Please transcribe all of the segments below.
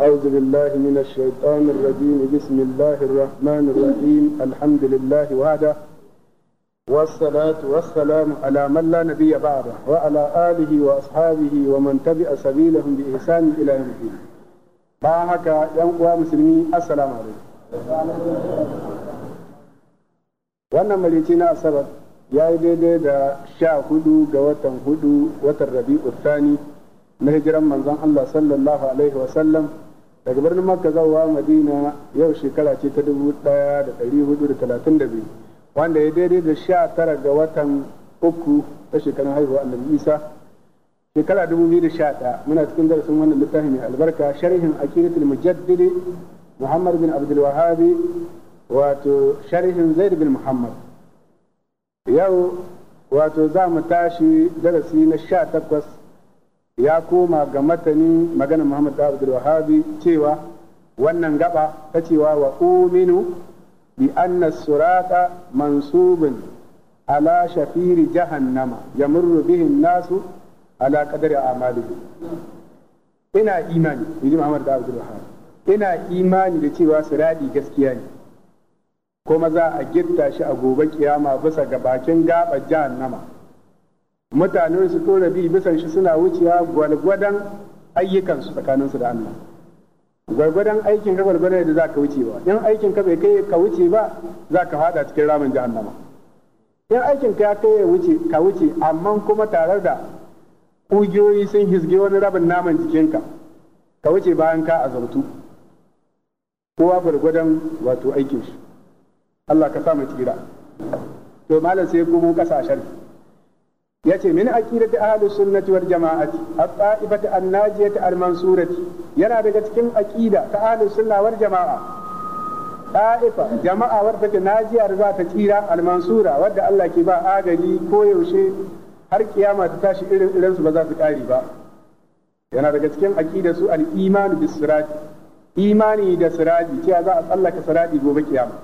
أعوذ بالله من الشيطان الرجيم بسم الله الرحمن الرحيم الحمد لله وحده والصلاة والسلام على من لا نبي بعده وعلى آله وأصحابه ومن تبع سبيلهم بإحسان إلى يوم الدين باهك يا مسلمين السلام عليكم wannan marici na asabar ya yi daidai da sha hudu ga watan hudu watan rabi'u thani na hijiran manzon Allah sallallahu alaihi wasallam daga birnin makka zawa madina yau shekara ce ta dubu ɗaya da ɗari hudu da talatin da biyu wanda ya daidai da sha tara ga watan uku ta shekarun haihuwa annabi isa shekara dubu biyu da sha ɗaya muna cikin darasin wannan littafi mai albarka sharhin akiratul mujaddidi muhammad bin abdul wahabi wato sharhin zaid bin muhammad yau wato za mu tashi darasi na sha takwas ya koma ga matani magana Muhammad da Abdul Wahabi cewa wannan gaba ta cewa wa uminu bi anna surata mansubun ala shafiri jahannama yamurru bihin nasu ala qadari amalihi ina imani bi Muhammad da Abdul Wahabi ina imani da cewa siradi gaskiya ne kuma za a gitta shi a gobe kiyama bisa ga bakin gaɓar jahannama mutanen su ko rabi bisan shi suna wuciya gwalgwadan ayyukansu tsakaninsu da Allah gwargwadon aikin ka gwargwadon da za ka wuce ba in aikin ka bai kai ka wuce ba za ka fada cikin ramin jahannama in aikin ka ya kai ya wuce ka wuce amma kuma tare da kugiyoyi sun hisge wani rabin naman jikinka ka wuce bayan ka azurtu kowa gwargwadon wato aikin shi Allah ka sa mu tsira to malam sai komo kasashen yace min aqidati ahlus sunnati wal jama'ati at-ta'ibati an-najiyati al-mansurati yana daga cikin aqida ta ahlus sunna wal jama'a ta'ifa jama'a wadda take najiya za ta tsira al-mansura wadda Allah ke ba agaji ko yaushe har kiyama ta tashi irin irin su ba za su kare ba yana daga cikin aqida su al-iman bis sirati imani da sirati cewa za a tsallaka sirati gobe kiyama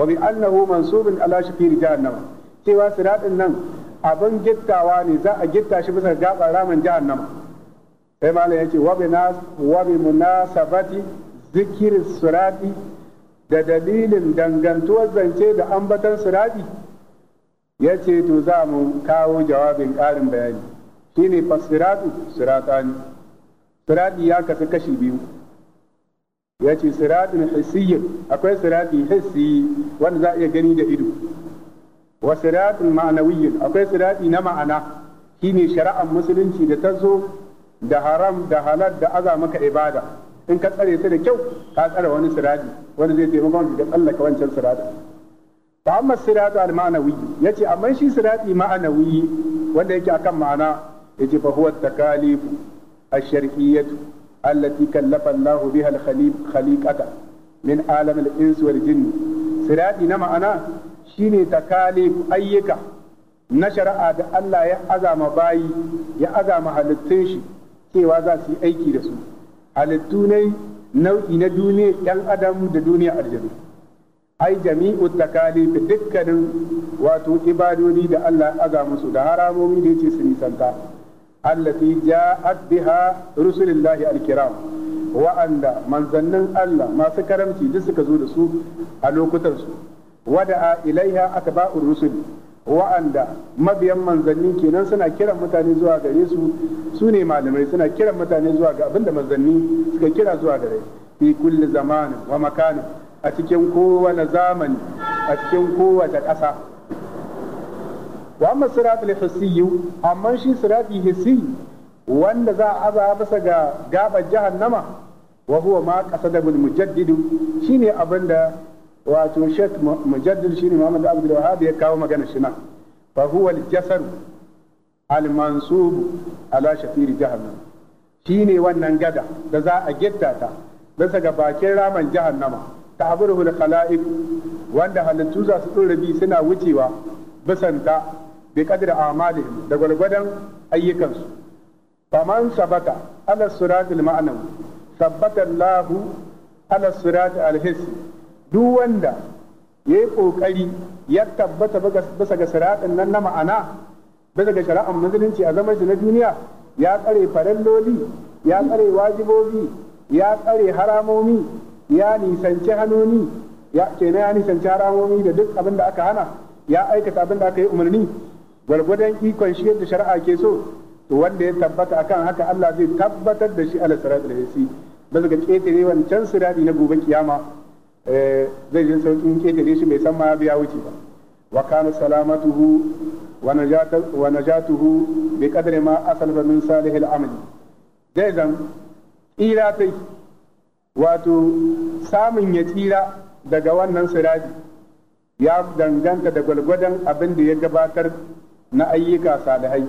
wa bi annahu mansubun ala shafir jahannama cewa siradin nan abin gittawa ne za a gitta shi bisa gaban ramin nan sai malam ya wa bi munasabati zikir surati da dalilin dangantuwar zance da ambatan surati Ya ce to za mu kawo jawabin ƙarin bayani Shi ne shine surata siratani Surati ya kasu kashi biyu Ya ce siratin hissi akwai surati hissiyi wanda za a iya gani da ido wa siratun ma'anawiyyun akwai sirati na ma'ana shine shari'ar musulunci da ta zo da haram da halal da aza maka ibada in ka tsare ta da kyau ka tsare wani sirati wanda zai taimaka maka ka tsallaka wancan sirati Ahmad amma siratu al ma'anawiyyi yace amma shi sirati ma'anawiyyi wanda yake akan ma'ana yace fa huwa takalifu ash-shar'iyyatu allati kallafa Allahu biha al-khaliqata min alam al-ins wal jinn sirati na ma'ana shine takalif ayyuka na shari'a da Allah ya azama bayi ya azama halittun shi cewa za su yi aiki da su halittu ne nau'i na duniya ɗan adam da duniya aljanu ai jami'u takalif dukkanin wato ibadodi da Allah ya aza musu da haramomi da yace su nisanta allati ja'at biha rusulillahi alkiram wa'anda manzannin Allah masu karamci duk suka zo da su a lokutan su wada a ilaiha atba'ur rusul wa'anda mabiyan manzanni kenan suna kiran mutane zuwa gare su su ne malamai suna kiran mutane zuwa ga abinda manzanni suka kira zuwa gare fi kulli zamani wa makani a cikin kowane zamani a cikin kowace ƙasa wa amma siratul hissiyu amma shi siratul hissi wanda za a aza bisa ga gabar jahannama wa huwa ma qasadul mujaddidu shine abinda wato shek mujaddid shine Muhammad Abdul Wahhab ya kawo magana shi nan fa huwa al-jasad al-mansub ala jahannam shine wannan gada da za a gitta ta bisa ga bakin raman jahannama ta aburhu al-khalaiq wanda halittu za su bi suna wucewa bisan ta bi qadri amalihim da gwargwadon ayyukansu faman sabata ala siratil ma'anawi sabbata Allahu ala al hissi duk wanda ya yi ƙoƙari ya tabbata bisa ga siraɗin nan na ma'ana bisa ga shari'ar musulunci a zaman shi na duniya ya tsare faralloli ya tsare wajibobi ya tsare haramomi ya nisanci hanoni ya kenan ya nisanci haramomi da duk abin da aka hana ya aikata abin da aka yi umarni gwargwadon ikon shi yadda shari'a ke so to wanda ya tabbata akan haka Allah zai tabbatar da shi ala ya hisi bisa ga ƙetare wancan na gobe kiyama Eh, zai yi sauƙin ƙetare shi bai san ma biya wuce ba wa kana salamatuhu wa najatuhu bi qadri ma asalba min al amali zai zan tsira tai wato samun ya tsira daga wannan siraji ya danganta da gwalgwadon abin da ya gabatar na ayyuka salihai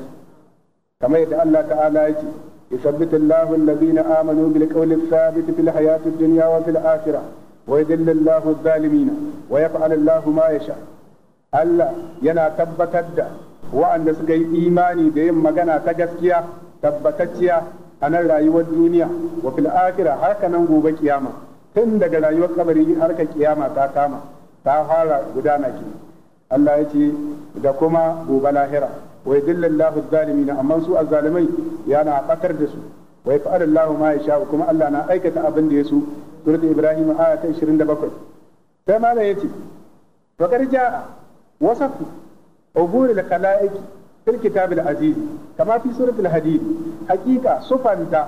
kamar yadda Allah ta'ala yake يثبت الله الذين آمنوا بالقول الثابت في الحياة الدنيا وفي الآخرة ويذل الله الظالمين ويفعل الله ما يشاء Allah yana tabbatar da wa'anda suka yi imani da yin magana ta gaskiya tabbatacciya a nan rayuwar duniya wa fil akhirah nan gobe kiyama tun daga rayuwar kabari harka kiyama ta kama ta fara gudana ki Allah ya ce da kuma gobe lahira wa yadillallahu na amma su azzalimai yana bakar da su wa yaf'alullahu ma sha kuma Allah na aikata abin da ya so surati ibrahim aya ta 27 sai malam yace fa qarja wasafu ubur al khalaiq fil kitab al aziz kama fi suratul hadid hakika sufanta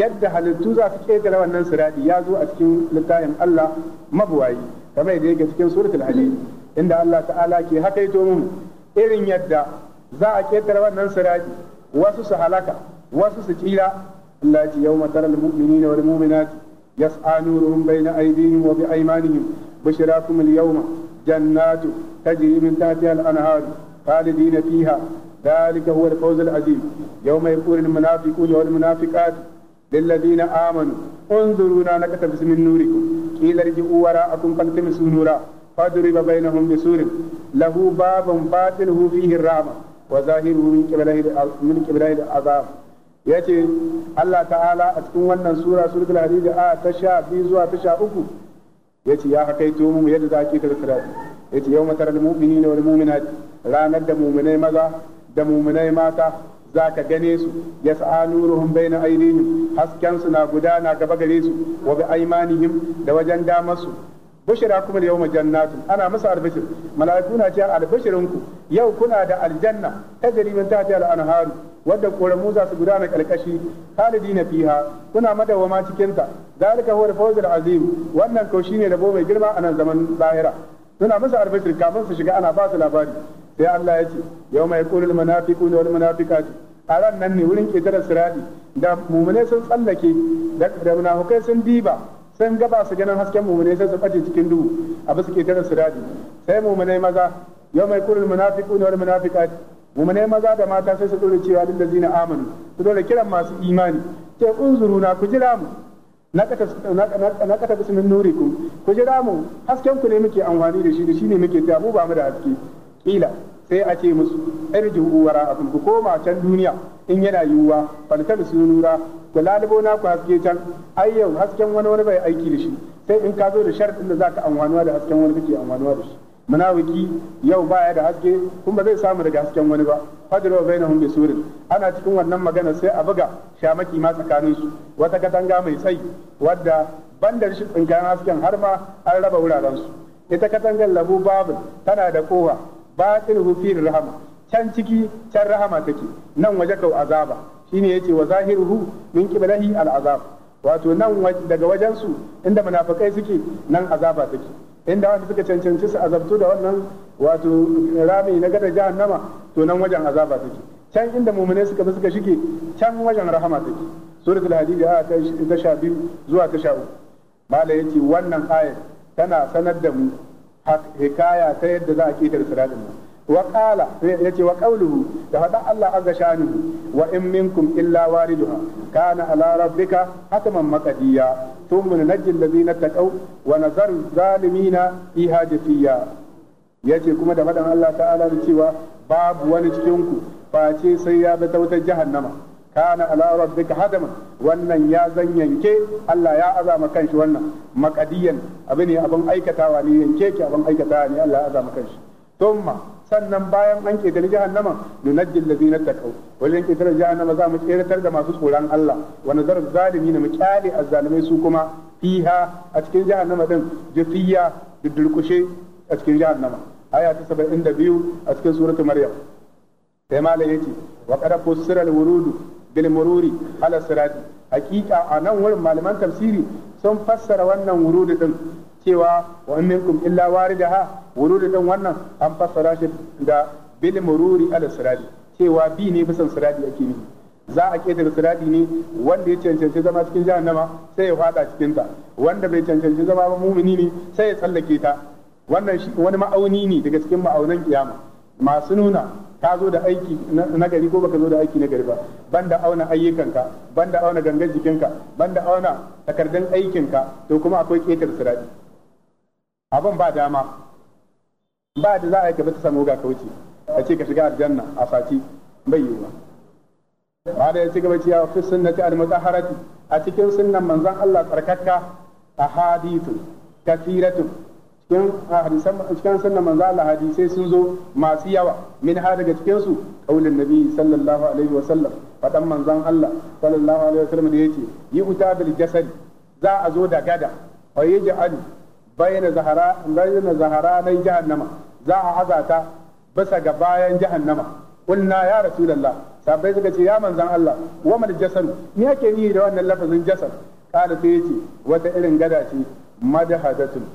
yadda halittu za su ketare wannan sirati ya zo a cikin littafin Allah mabuwayi kamar yadda yake cikin suratul hadid inda Allah ta'ala ke hakaito min irin yadda za a ketare wannan sirati wasu su halaka wasu su tsira Allah ya ce yawma taral mu'minina wal mu'minati يسعى نورهم بين أيديهم وبأيمانهم بشراكم اليوم جنات تجري من تحتها الأنهار خالدين فيها ذلك هو الفوز العظيم يوم يقول المنافقون والمنافقات للذين آمنوا انظرونا نكتبس من نوركم قيل ارجعوا وراءكم فالتمسوا نورا فضرب بينهم بسور له باب باطنه فيه الرحمة وظاهره من قبله من yace Allah ta'ala a cikin wannan sura suratul hadid a ta sha biyu zuwa ta sha uku yace ya hakaito mu yadda za ki ka tsara yace yau taral mu'minina wal mu'minat ranar da mu'minai maza da mu'minai mata za ka gane su ya sa'a nuruhum bayna aydihim hasken su na gudana gaba gare su wa bi aymanihim da wajen damar su bushira kuma yawma jannatin ana masa albishir mala'iku na cewa albishirinku yau kuna da aljanna ta min tahti al-anharu wadda koramu za su gudana kalkashi khalidina fiha kuna madawama cikinta ta zalika huwa al-fawzul azim wannan ko shine da mai girma anan zaman lahira suna masa albishir kafin su shiga ana ba su labari sai Allah ya ce yawma yaqulul munafiquna wal munafiqatu a ran nan ne wurin ƙetare sirati da mumune sun tsallake da munafukai sun diba sun gaba su ganin hasken mumune sai su ɓace cikin duhu a bisa su siraji sai mumune maza yau mai kurin munafiquna wal munafiqat mumune maza da mata sai su dole cewa da zina amanu su dole kiran masu imani ce na ku jira mu na kata bismin nuri ku jira mu hasken ku ne muke amfani da shi da shi ne muke ta mu ba mu da haske kila sai a ce musu irji'u a ku koma can duniya in yana yiwuwa faltar su nura ku lalibo na ku haske can ai yau hasken wani wani bai aiki da shi sai in ka zo da sharadin da zaka amfanuwa da hasken wani kake amfanuwa da shi munafiki yau baya da haske kun ba zai samu daga hasken wani ba fadlu bainahum bi ana cikin wannan magana sai a buga shamaki ma tsakanin su wata katanga mai tsayi wadda banda shi tsinkan hasken har ma an raba wuraren su ita katangar labu babu tana da kowa batin hufir rahama can ciki can rahama take nan waje kau azaba shine yace wa zahiruhu min qiblahi al azab wato nan daga wajen su inda munafikai suke nan azaba take inda wanda suka cancanci su azabtu da wannan wato rami na gada jahannama to nan wajen azaba take can inda muminai suka bi suka shige can wajen rahama take suratul hadid aya ta sha biyu zuwa ta sha uku mala yace wannan ayar tana sanar da mu hikaya ta yadda za a ƙetare siratin nan Waƙala qala yace wa qawluhu da hada Allah azza shanuhu wa in minkum illa wariduha kana ala rabbika hatman maqdiya thumma nunajji allazina taqaw wa nazaru zalimina fiha jafiya yace kuma da faɗan Allah ta'ala cewa babu wani cikin ku face sai ya bi ta wutar jahannama kana ala rabbika hadaman wannan ya zan yanke Allah ya azama kanshi wannan makadiyan abu ne abin aikatawa ne yanke ki abin aikatawa ne Allah ya azama kanshi thumma sannan bayan an ketare jahannama nunajjil ladina taqaw wajen ketare jahannama za mu tseratar da masu tsoron Allah wa nazar zalimi na mu kyale azzalimai su kuma fiha a cikin jahannama din jafiya da durkushe a cikin jahannama aya ta 72 a cikin suratul maryam sai malam yace wa qad fussira al-wurudu bil mururi ala sirati hakika a nan wurin malaman tafsiri sun fassara wannan wurudu din cewa wa minkum illa waridaha wurudu dan wannan an fassara shi da bil mururi ala sirati cewa bi ne bisan siradi ake nufi za a ketare sirati ne wanda ya cancanci zama cikin jahannama sai ya fada cikin ta wanda bai cancanci zama ba mumini ne sai ya tsallake ta wannan wani ma'auni ne daga cikin ma'aunan kiyama masu nuna ka zo da aiki na gari ko baka zo da aiki na gari ba banda auna ayyukanka banda auna gangan jikinka banda auna takardun ka to kuma akwai ketar sirati abin ba dama ba da za a yi gaba ta samu ga kauce a ce ka shiga aljanna a sati bai yi ba ba da ya ci gaba ciya fi sunnati al-mutahharati a cikin sunnan manzon Allah tsarkakka ahadithu kathiratu cikin hadisan cikin sunnan manzon Allah hadisai sun zo masu yawa min ha daga cikin su qaulin nabi sallallahu alaihi wa sallam fadan manzon Allah sallallahu alaihi wa sallam da yace yi uta bil jasad za a zo da gada fa yaj'alu bayyana zahara bayyana zahara na jahannama za a haza ta bisa ga bayan jahannama kulna ya rasulullah sabai suka ce ya manzan Allah wa mal jasad me yake yi da wannan lafazin jasad kada sai yace wata irin gada ce madhadatun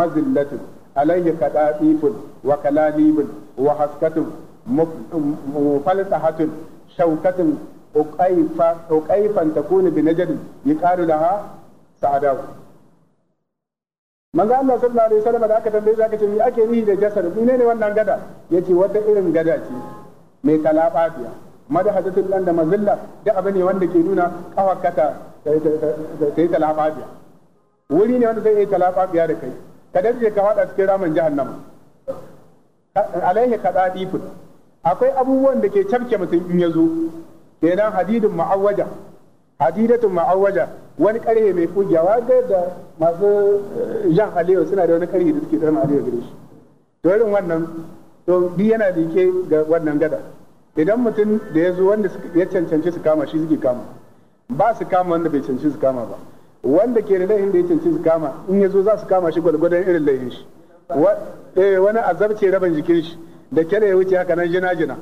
mazillatun alayhi qadatifun wa kalalibun wa haskatun mufalsahatun shaukatun uqayfa uqayfan takunu bi najdi yuqalu laha sa'adahu manzo Allah sallallahu alaihi wasallam da aka tambaye zaka ce me ake nihi da jasar mene ne wannan gada yace wata irin gada ce mai kalabafiya madahadatul lan da mazilla da abin ne wanda ke nuna kawakata ta yi talafafiya wuri ne wanda zai yi talafafiya da kai ka daje ka fada cikin ramin jahannama alaihi kadadifun akwai abubuwan da ke cafke mutum in yazo zo kenan hadidin ma'awaja hadidatu ma'awaja wani karhe mai kugiyawa ga da masu eh, jan aliyu suna da wani karhe da suke tsaron aliyu gare shi to irin wannan to bi yana like ga wannan gada idan mutum da ya zo wanda ya cancanci su kama shi suke kama ba su kama wanda bai cancanci su kama ba wanda ke da laifin da ya cancanci su kama in ya zo za su kama shi gwargwadon irin laifin shi eh, wani azabce rabin jikin shi da kyale ya wuce haka nan jina jina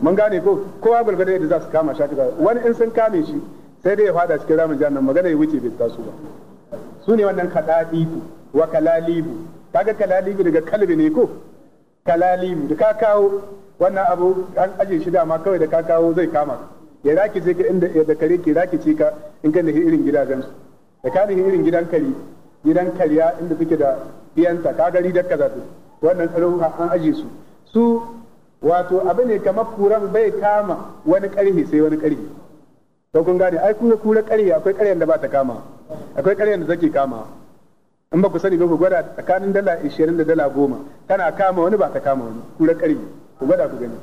mun gane ko kowa gwargwadon yadda za su kama shi wani in sun kame shi sai dai ya fada cikin ramin jahannam magana ya wuce bai taso ba su ne wannan kadadibu wa kalalibu kaga kalalibu daga kalbi ne ko kalalibu da ka kawo wannan abu an aje shi dama kawai da ka kawo zai kama ya raki ce ka inda ya da kare ki raki ce ka in ka nahi irin gidajen su da ka nahi irin gidan kari gidan kariya inda suke da biyanta ka gari da kaza su wannan karo an aje su su wato abu ne kamar kuran bai kama wani karhe sai wani karhe to kun gane ai kuma kura ƙarya akwai ƙaryar da ba ta kama akwai ƙaryar da take kama in ba ku sani ba ku gwada tsakanin dala 20 da dala 10 tana kama wani ba ta kama wani kura ƙarya ku gwada ku gani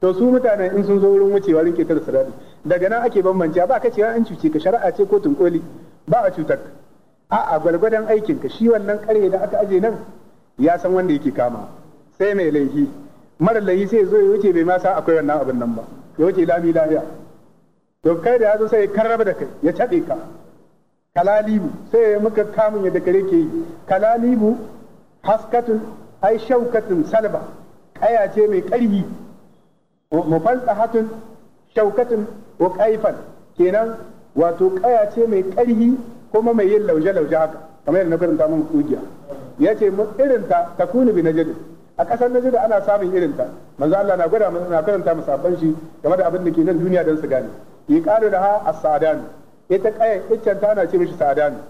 to su mutanen in sun zo wurin wucewa rinke ta da daga nan ake bambance ba ka cewa an cuce ka shari'a ce ko koli ba a cutar a'a gwalgwadon aikin ka shi wannan ƙarya da aka aje nan ya san wanda yake kama sai mai laifi mara laifi sai zo ya wuce bai ma sa akwai wannan abin nan ba ya wuce lami lafiya to kai da zo sai ya karraba da kai ya caɗe ka kalalibu sai ya muka kamun ya da kare ke yi kalalibu haskatun ai shaukatun salba kaya ce mai ƙarfi mufaltahatun shaukatun wa kaifan kenan wato kaya ce mai ƙarfi kuma mai yin lauje-lauje haka kamar yadda na karanta mun kugiya ya ce irinta ta kuni bi najid a ƙasar najid ana samun irinta manzo Allah na gwada na karanta musabban shi game da abin da ke nan duniya don su gane da ha a sadan ita kayan iccen tana ce mishi sadan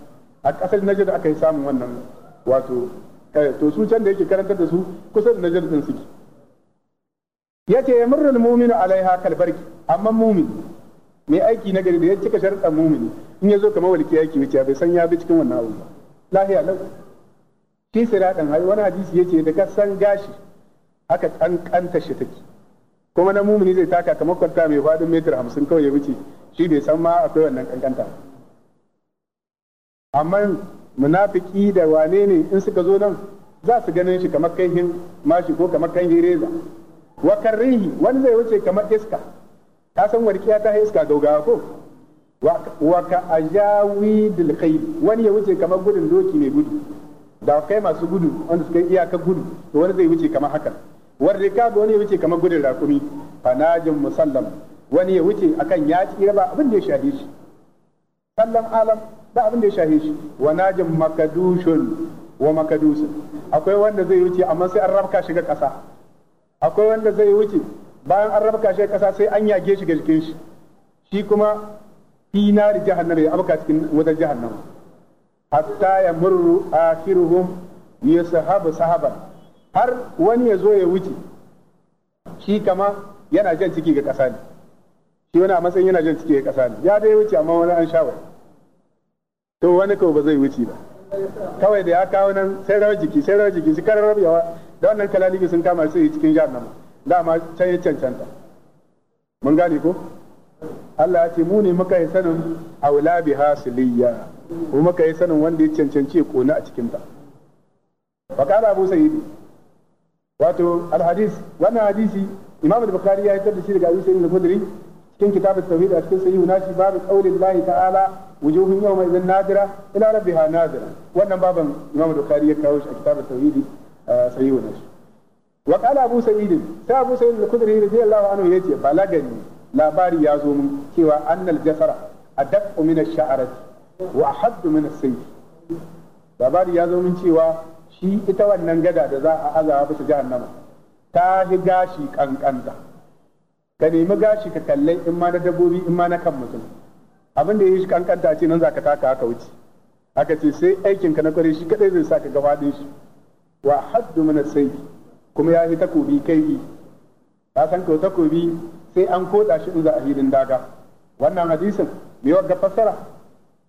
a ƙasar najar aka yi samun wannan wato eh, to su can da yake karantar da su kusa da najar din suke yace ya murnar muminu alaiha kalbarki amma mu'min mai aiki na gari da ya cika sharuɗan mumini in ya zo kamar walƙiya yaki wuce bai san ya bi cikin wannan abu ba lahiya lau fi ɗan wani hadisi ya da ka san gashi aka ƙanƙanta shi take kuma na mumuni zai taka kamar kwalta mai faɗin metar hamsin kawai ya wuce shi bai san ma akwai wannan kankanta amma munafiki da wane ne in suka zo nan za su ganin shi kamar kanhin mashi ko kamar kanhin reza wakar rihi wani zai wuce kamar iska ka san warkiya ta iska gaugawa ko waka ajawi dil wani ya wuce kamar gudun doki mai gudu da kai masu gudu wanda suka iyaka gudu to wani zai wuce kamar haka war rikabu wani ya wuce kamar gudun rakumi fanajin musallam wani ya wuce akan ya tsira ba abin da ya shahe shi sallan alam ba abin da ya shahe shi wa najin makadushun wa makadusun akwai wanda zai wuce amma sai an rabka shiga ƙasa akwai wanda zai wuce bayan an rabka shiga kasa sai an yage shi ga jikin shi shi kuma fi nari jahannama ya abuka cikin wajen jahannama hatta ya murru akhiruhum yasahabu sahaban har wani ya zo ya wuce shi kama yana jan ciki ga ƙasa ne shi wani a matsayin yana jan ciki ga ƙasa ne ya dai wuce amma wani an shawar to wani kawai ba zai wuce ba kawai da ya kawo nan sai rawar jiki sai rawar jiki su karar rabewa da wannan kalalibi sun kama su cikin da ma can ya cancanta mun gane ko Allah ya ce mu ne muka yi sanin aula bi hasiliya ko muka yi sanin wanda ya cancanci ya kona a cikin ta fa qala abu sayyidi wato alhadis wannan hadisi imam al-bukhari ya yaddar da shi daga abu sayyid al-khudri cikin kitab at-tauhid a cikin sahihu nashi babu qaulin layi ta'ala wujuhun yawma idhin nadira ila rabbiha nadira wannan baban imam al-bukhari ya kawo shi a kitab at-tauhid sahihu nashi wa qala abu sayyid sai abu sayyid al-khudri radiyallahu anhu yace balagani labari ya zo mun cewa annal jasara adaq min ash-sha'rati wa hadd min as-sayf labari ya zo mun cewa shi ita wannan gada da za a azawa bisa jahannama ta fi gashi kankanta ka nemi gashi ka kalle in ma na dabbobi in ma na kan mutum abin da ya yi kankanta ce nan za ka taka haka wuce aka ce sai aikin ka na kware shi kadai zai sa ka ga din shi wa haddu mana sai kuma ya yi takobi kai ka san ko takobi sai an koda shi in za a hilin daga wannan hadisin me wagga fassara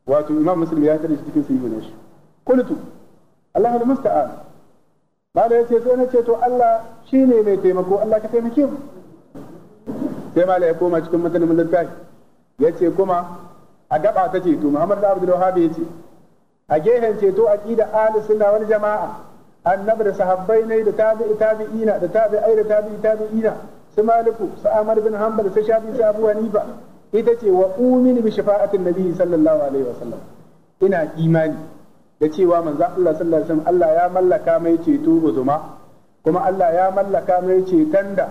wato imam muslim ya tare shi cikin sahihun shi kulutu Allahul musta'an malai ya sai na ce to Allah shine mai taimako Allah ka taimake mu sai Malam ya koma cikin matanin Ya ce kuma a gaba ta ce to Muhammad da Abdul Wahhab ce. a gehen ceto aqida ahli sunna wal jama'a annabi da sahabbai ne da tabi'i tabi'ina da tabi'ai da tabi'i tabi'ina su maliku su amar bin hanbal su shafi su abu hanifa ita ce wa umini bi shafa'atin nabi sallallahu alaihi wasallam ina imani ta cewa manzon Allah sallallahu alaihi wasallam Allah ya mallaka mai ceto guzuma kuma Allah ya mallaka mai ceton da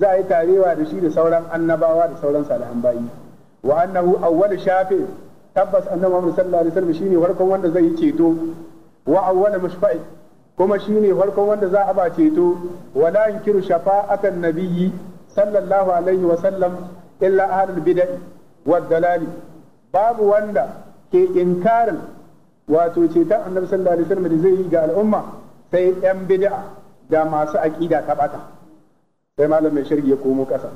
za a yi tarewa da shi da sauran annabawa da sauran salihan bayi wa annahu awwal shafi tabbas annabi Muhammad sallallahu alaihi wasallam shine farkon wanda zai yi ceto wa awwal mushfa'i kuma shine farkon wanda za a ba ceto wa la yankiru shafa'atan nabiyyi sallallahu alaihi wasallam illa ahlul bid'ah wa dalali babu wanda ke inkarin wato ta annabi sallallahu alaihi wasallam da zai yi ga al'umma sai yan bid'a da masu aqida ta bata sai malam mai sharhi ya komo kasa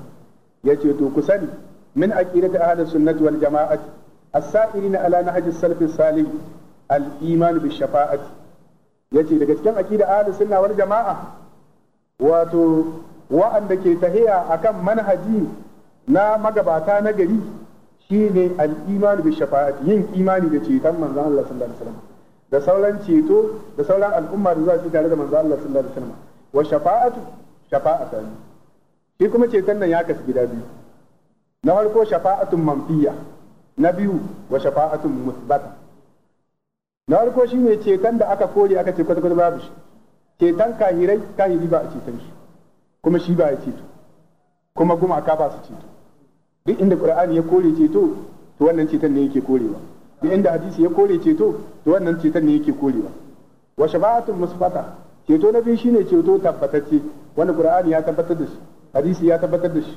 ce to ku sani min aqidati ahli sunnati wal jama'ati as-sa'irina ala nahj salaf salih al-iman bi shafa'ati yace daga cikin aqida ahli sunna wal jama'a wato wa'anda ke tahiya akan manhaji na magabata na gari shine al imani bi shafa'ati yin imani da ceton manzon Allah sallallahu alaihi wasallam da sauran ceto da sauran al'umma da za su tare da manzon Allah sallallahu alaihi wasallam wa shafa'atu ne shi kuma ceton nan ya kasu gida biyu na farko shafa'atun manfiya na biyu wa shafa'atun musbata na farko shine ceton da aka kore aka ce kwata-kwata babu shi ceton kahirai kahiri ba a ceton shi kuma shi ba ya ceto kuma gumaka ba su ceto duk inda qur'ani ya kore ceto to wannan ceton ne yake korewa duk inda hadisi ya kore ceto to wannan ceton ne yake korewa wa shafa'atun musfata ceto na biyu shine ceto tabbatacce wanda qur'ani ya tabbatar da shi hadisi ya tabbatar da shi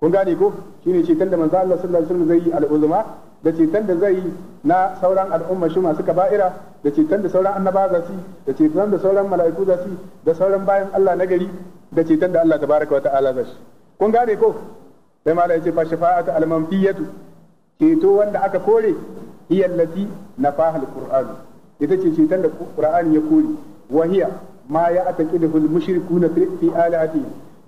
kun gane ko shine ceton da manzo Allah sallallahu alaihi wasallam zai yi al'uzma da ceton da zai yi na sauran al'umma shi masu kaba'ira da ceton da sauran annaba za su da ceton da sauran mala'iku za su da sauran bayan Allah nagari da ceton da Allah tabaraka wa ta'ala za shi kun gane ko sai mala yace fa shafa'atu al-manfiyatu ceto wanda aka kore hiya allati nafaha quran ita ce ceton da qur'ani ya kore wa hiya ma ya ataqidu mushrikuna fi alati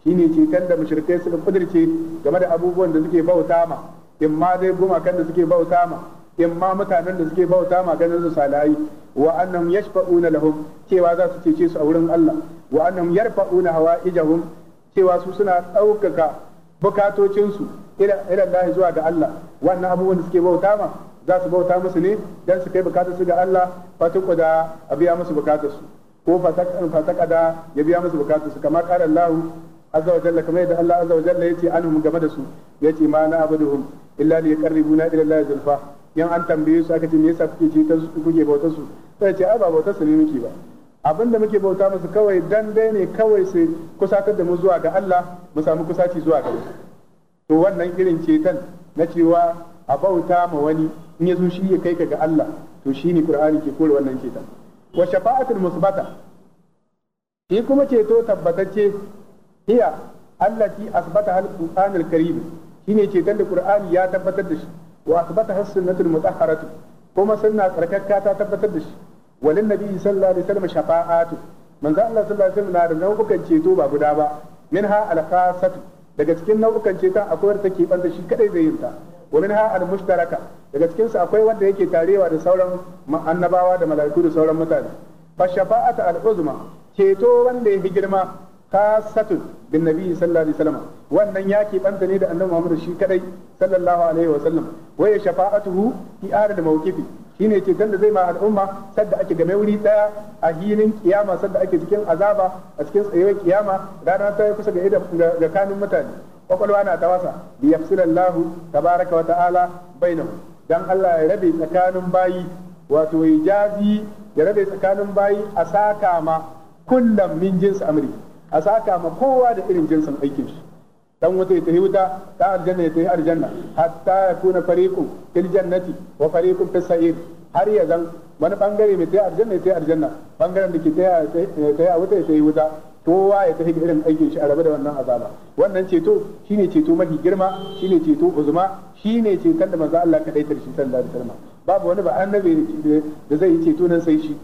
shine ceton da mushrikai suka kudirce game da abubuwan da suke bauta ma in ma dai gumakan da suke bauta ma in ma mutanen da suke bauta ma ganin su salai wa annahum yashfa'una lahum cewa za su cece su a wurin Allah wa annahum yarfa'una hawa'ijahum cewa su suna ɗaukaka bukatocinsu ila Allah zuwa ga Allah wannan abubuwan da suke bauta ma za su bauta musu ne don su kai bukatar su ga Allah fatuku da a biya musu bukatar su ko fataka da ya biya musu bukatar su kamar qala Allah azza wa jalla kamar yadda Allah azza wa jalla yace anhum game da su yace ma na abuduhum illa li yaqarribuna ila Allah zulfa yan an tambaye su aka ce me yasa kuke ce kuke bautar su sai ce ai ba bautar su ne muke ba abin da muke bauta musu kawai dan dai ne kawai su kusatar da mu zuwa ga Allah mu samu kusaci zuwa ga to wannan irin ceton na cewa a bauta ma wani in ya zo shi ya kai ka ga Allah to shine Qur'ani ke kore wannan ceton wa shafa'atul musbata shi kuma ceto tabbatacce iya allati asbata al-Qur'an al-Karim shine ceton da Qur'ani ya tabbatar da shi wa asbata has-sunnatul mutahharatu kuma sunna tsarkakka ta tabbatar da shi walin nabi sallallahu alaihi wasallam shafa'atu manzo Allah sallallahu alaihi wasallam na da nau'ukan ceto ba guda ba minha al-khasatu daga cikin nau'ukan ceton akwai wanda take banta shi kadai zai yin ta wa minha al-mushtaraka daga cikin su akwai wanda yake tarewa da sauran annabawa da malaiku da sauran mutane fa shafa'atu al-uzma ceto wanda yafi girma khasatu bin nabi sallallahu alaihi wasallam wannan ya ke banta ne da annabi Muhammad shi kadai sallallahu alaihi wasallam wa shafa'atuhu fi da mawqifi shine yace dan da zai ma al'umma sadda ake game wuri daya a hinin kiyama sadda ake cikin azaba a cikin tsayuwar kiyama rana ta yi kusa ga ida ga kanin mutane kwakwalwa na tawasa bi yafsilallahu tabaraka wa ta'ala bainahum dan Allah ya rabe tsakanin bayi wato ya jazi ya rabe tsakanin bayi a saka ma kullum min jinsi amri a saka ma kowa da irin jinsin aikin shi dan wata ya tafi wuta ta aljanna ya tafi aljanna hatta ya kuna fariqun fil jannati wa fariqun fis sa'ir har ya zan wani bangare mai tafi aljanna ya tafi aljanna bangaren da ke tafi a wuta ya tafi wuta kowa ya tafi da irin aikin shi a rabu da wannan azaba wannan ceto shine ceto mafi girma shine ceto uzma shine ceton da manzo Allah kadai tarshi sallallahu alaihi wasallam babu wani ba annabi da zai yi ceto nan sai shi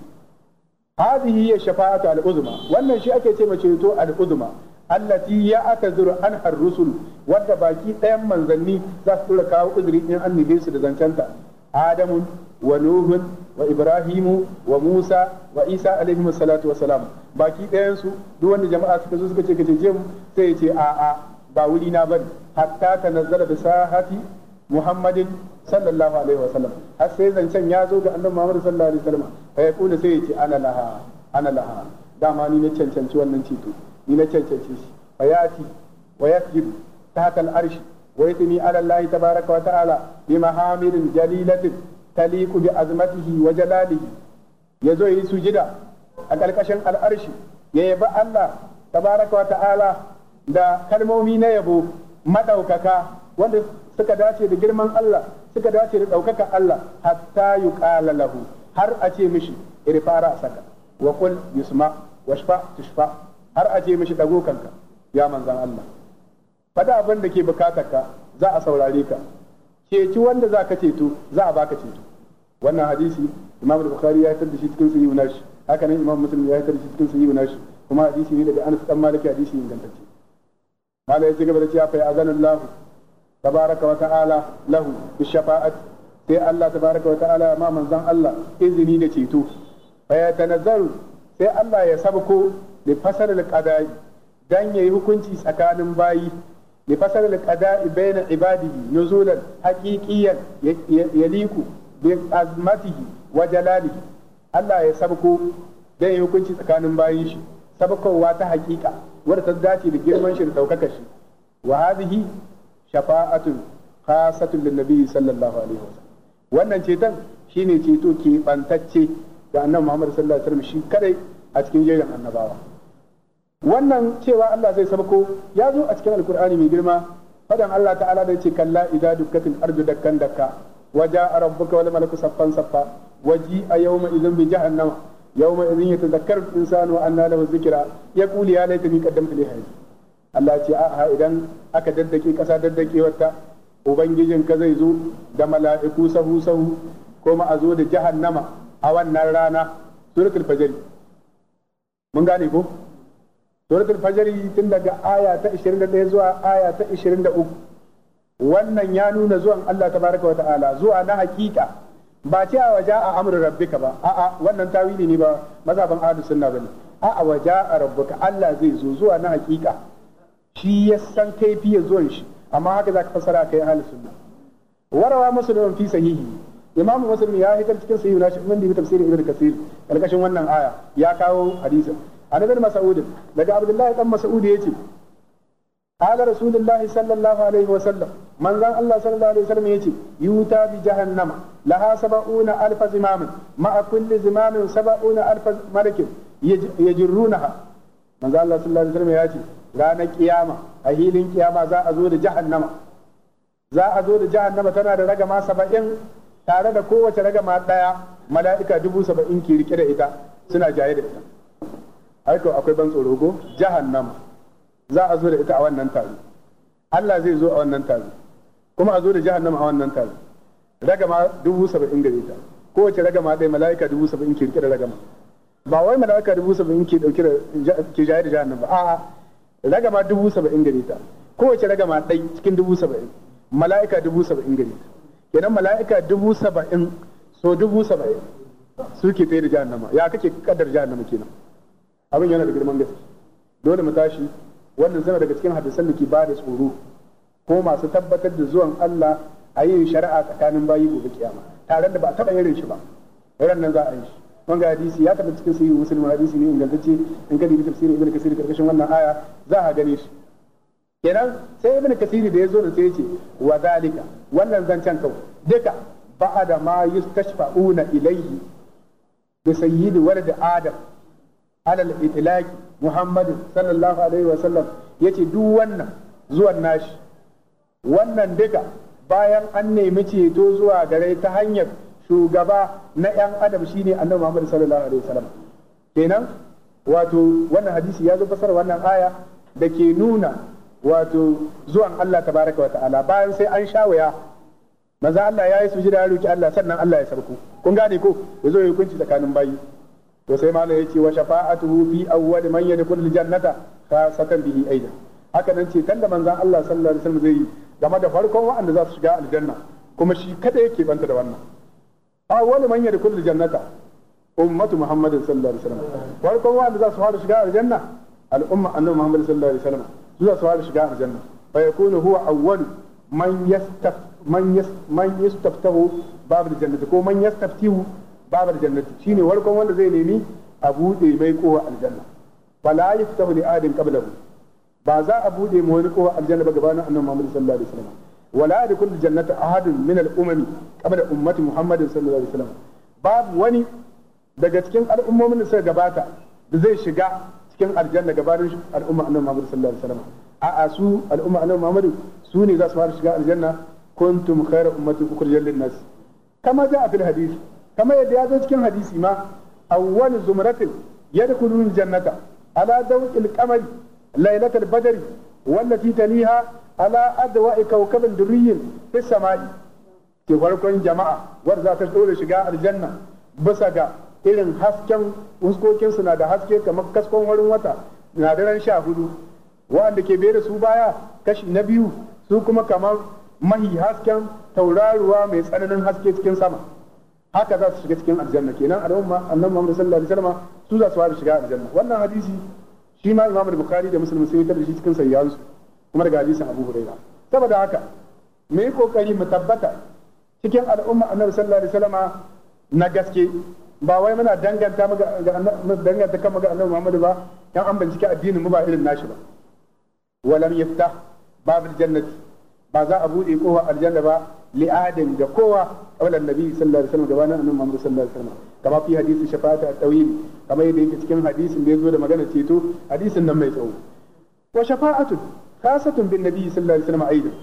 hadhihi hiya shafa'atu al-uzma wannan shi ake ce ma ceto al-uzma allati ya aka zuru an rusul wadda baki ɗayan manzanni za su tura kawo uzuri in an nufe su da zancenta adamun wa nuhun wa ibrahimu wa musa wa isa alaihi salatu wa salam baki ɗayan su duk wanda jama'a suka zo suka ce kace je mu sai ya ce a a ba wuri na bane hatta tanazzala bi sahati muhammadin sallallahu alaihi wa sallam har sai zancen ya zo ga annabi muhammad sallallahu alaihi wasallam fa ya sai ya ce ana laha ana laha dama ni na cancanci wannan ceto ni na cancanci shi fa yati wa yasjudu tahta al-arshi wa yatni ala Allah tabaaraka wa ta'ala bi mahamirin jalilatin taliqu bi azmatihi wa jalalihi yazo yi sujida a ƙarƙashin al'arshi ya yaba Allah tabaraka wa ta'ala da kalmomi na yabo madaukaka wanda suka dace da girman Allah suka dace da ɗaukaka Allah hatta yuqala lahu har a ce mishi irfara saka wa qul yusma washfa tushfa har a ce mishi dago kanka ya manzan Allah faɗa abin da ke ka za a saurare ka ceci wanda za ka ceto za a baka ceto wannan hadisi imam al-bukhari ya fitar da shi cikin sahihu nashi haka nan imam muslim ya fitar da shi cikin sahihu nashi kuma hadisi ne daga Anas dan Maliki hadisi ingantacce malai ya ci gaba da cewa fa azanallahu tabaraka wa ta'ala lahu bi shafa'ati sai Allah tabaraka wa ta'ala ma manzon Allah izini da ceto fa yatanazzaru sai Allah ya sabko li fasal qada'i dan yayi hukunci tsakanin bayi li fasal qada'i baina ibadihi nuzulan haqiqiyan yaliku bi azmatihi wa jalalihi Allah ya sabko dan yayi hukunci tsakanin bayin shi sabkowa ta haqiqa wanda ta dace da girman shi da daukakar shi wa hadhihi shafa'atun khasatun linnabi sallallahu alaihi wasallam wannan ceton shine ceto ke bantacce ga annabi Muhammad sallallahu alaihi wasallam shi kadai a cikin jerin annabawa wannan cewa Allah zai sabko ya zo a cikin alkur'ani mai girma fadan Allah ta'ala da yace kalla idza dukkatil ardu dakkan dakka waja rabbuka wal malaku saffan saffa waji a yawma idzin bi jahannama yawma idzin yatadhakkaru insanu anna lahu dhikra yaqulu ya laitani qaddamtu li hayati Allah ce a idan aka daddake kasa daddake wata ubangijin ka zai zo da mala'iku sahu sahu ko a zo da jahannama a wannan rana suratul fajr mun gane ko suratul fajr tun daga aya ta 21 zuwa aya ta 23 wannan ya nuna zuwan Allah tabaraka wata'ala zuwa na hakika ba ce a waja a amru rabbika ba a'a wannan tawili ne ba mazhaban ahlus sunna bane a'a waja a rabbuka Allah zai zo zuwa na hakika shi ya san ya zuwan shi amma haka zaka fassara kai ahlus sunna warawa muslimin fi sahihi imam muslim ya hikar cikin sahihi na shi mun da tafsirin ibnu kasir karkashin wannan aya ya kawo hadisin an bin mas'ud daga abdullahi dan mas'ud yace qala rasulullahi sallallahu alaihi wa sallam manzon Allah sallallahu alaihi wa sallam yace yuta bi jahannama laha sab'una alf zimam ma kulli zimamin sab'una alf malak yajrunaha manzon Allah sallallahu alaihi wa sallam yace ranar kiyama a hilin ƙiyama za a zo da jahannama za a zo da jahannama tana da ragama saba'in tare da kowace ragama ɗaya mala'ika dubu saba'in ke rike da ita suna jaye da ita aiko akwai ban tsoro go jahannama za a zo da ita a wannan taro Allah zai zo a wannan taro kuma a zo da jahannama a wannan taro ragama dubu saba'in gare ta kowace ragama ɗaya mala'ika dubu saba'in ke rike da ragama ba wai mala'ika dubu saba'in ke ɗauke da ke jaye da jahannama ba a'a ragama dubu saba'in gare ta kowace ragama ɗai cikin dubu saba'in mala'ika dubu saba'in gare ta kenan mala'ika dubu saba'in so dubu saba'in suke tsaye da jahannama ya kake kaddar jahannama kenan abin yana da girman gaske dole mu tashi wannan suna daga cikin hadisan da ke ba da tsoro ko masu tabbatar da zuwan Allah a yin shari'a tsakanin bayi gobe kiyama tare da ba a taɓa irin shi ba ran nan za a yi shi wanga hadisi ya taɓa cikin sahihu muslim hadisi ne ingantacce in ka dubi tafsirin ibn kasir karkashin wannan aya za a gane shi kenan sai ibn kasiri da ya zo da sai ce wa zalika wannan zancen kau duka ba'ada ma yustashfa'una ilayhi bi sayyidi walad adam alal itlaqi muhammadin sallallahu alaihi wasallam yace duk wannan zuwan nashi wannan duka bayan an nemi ceto zuwa gare ta hanyar shugaba na yan adam shine annabi muhammad sallallahu alaihi wasallam kenan wato wannan hadisi ya zo fasar wannan aya da ke nuna wato zuwan Allah tabaraka wa ta'ala bayan sai an sha maza Allah ya yi sujida ya roki Allah sannan Allah ya sarku kun gane ko yazo ya hukunci tsakanin bayi to sai malam yace wa shafa'atuhu fi awwal man yadkhul yadkhulul jannata khasatan bihi aidan haka nan ce tanda da manzon Allah sallallahu alaihi wasallam zai yi game da farkon waɗanda za su shiga aljanna kuma shi kada yake banta da wannan awwal man yadkhulul jannata ummatu muhammadin sallallahu alaihi wasallam farkon waɗanda za su fara shiga aljanna al'umma annabi muhammad sallallahu alaihi wasallam su za su fara shiga aljanna fa yakunu huwa awwal man yastaf man yas man yastaftahu babul jannati ko man yastaftihu babar jannati shine warkon wanda zai nemi a buɗe mai kowa aljanna fala yaftahu li adin qablahu ba za a buɗe mu wani kowa aljanna ba gabanin annabi Muhammad sallallahu alaihi wasallam wala yadkhul jannata ahadun min al-umami qabla ummati Muhammad sallallahu alaihi babu wani daga cikin al'ummomin da suka gabata da zai shiga cikin aljanna gabanin al'umma annabi Muhammad sallallahu alaihi wasallam a'a su al'umma annabi Muhammad su ne za su fara shiga aljanna kuntum khayra ummati ukhrijat lin-nas kama ja'a fil hadith kamar yadda ya zo cikin hadisi ma awwal zumratin yadkhulun jannata ala dawqil qamari lailatul badri wallati taliha ala adwa'i kawkabin durriyin fi samai ke farkon jama'a wanda za ta dole shiga aljanna bisa ga irin hasken uskokin suna da haske kamar kaskon warin wata na daren sha hudu waɗanda ke bere su baya kashi na biyu su kuma kamar mahi hasken tauraruwa mai tsananin haske cikin sama haka za su shiga cikin aljanna kenan al'umma annabi Muhammad sallallahu alaihi wasallam su za su fara shiga aljanna wannan hadisi shi ma Imam Bukhari da Muslim sun yi tarbishi cikin sayyansu kuma daga hadisin Abu Huraira saboda haka me yi kokari mu tabbata cikin al'umma annabi sallallahu alaihi wasallam na gaske ba wai muna danganta mu ga danganta kanmu ga annabi Muhammad ba dan an bincike addinin mu ba irin nashi ba walam yaftah babul jannati ba za a bude kowa aljanna ba li adin ga kowa qawlan nabi sallallahu alaihi wasallam gabanin annabi Muhammad sallallahu alaihi wasallam kama fi hadisi shafa'ata at-tawil kama yadda yake cikin hadisin da yazo da magana ceto hadisin nan mai tsawo wa shafa'atu khasatun bin nabi sallallahu alaihi wasallam aidan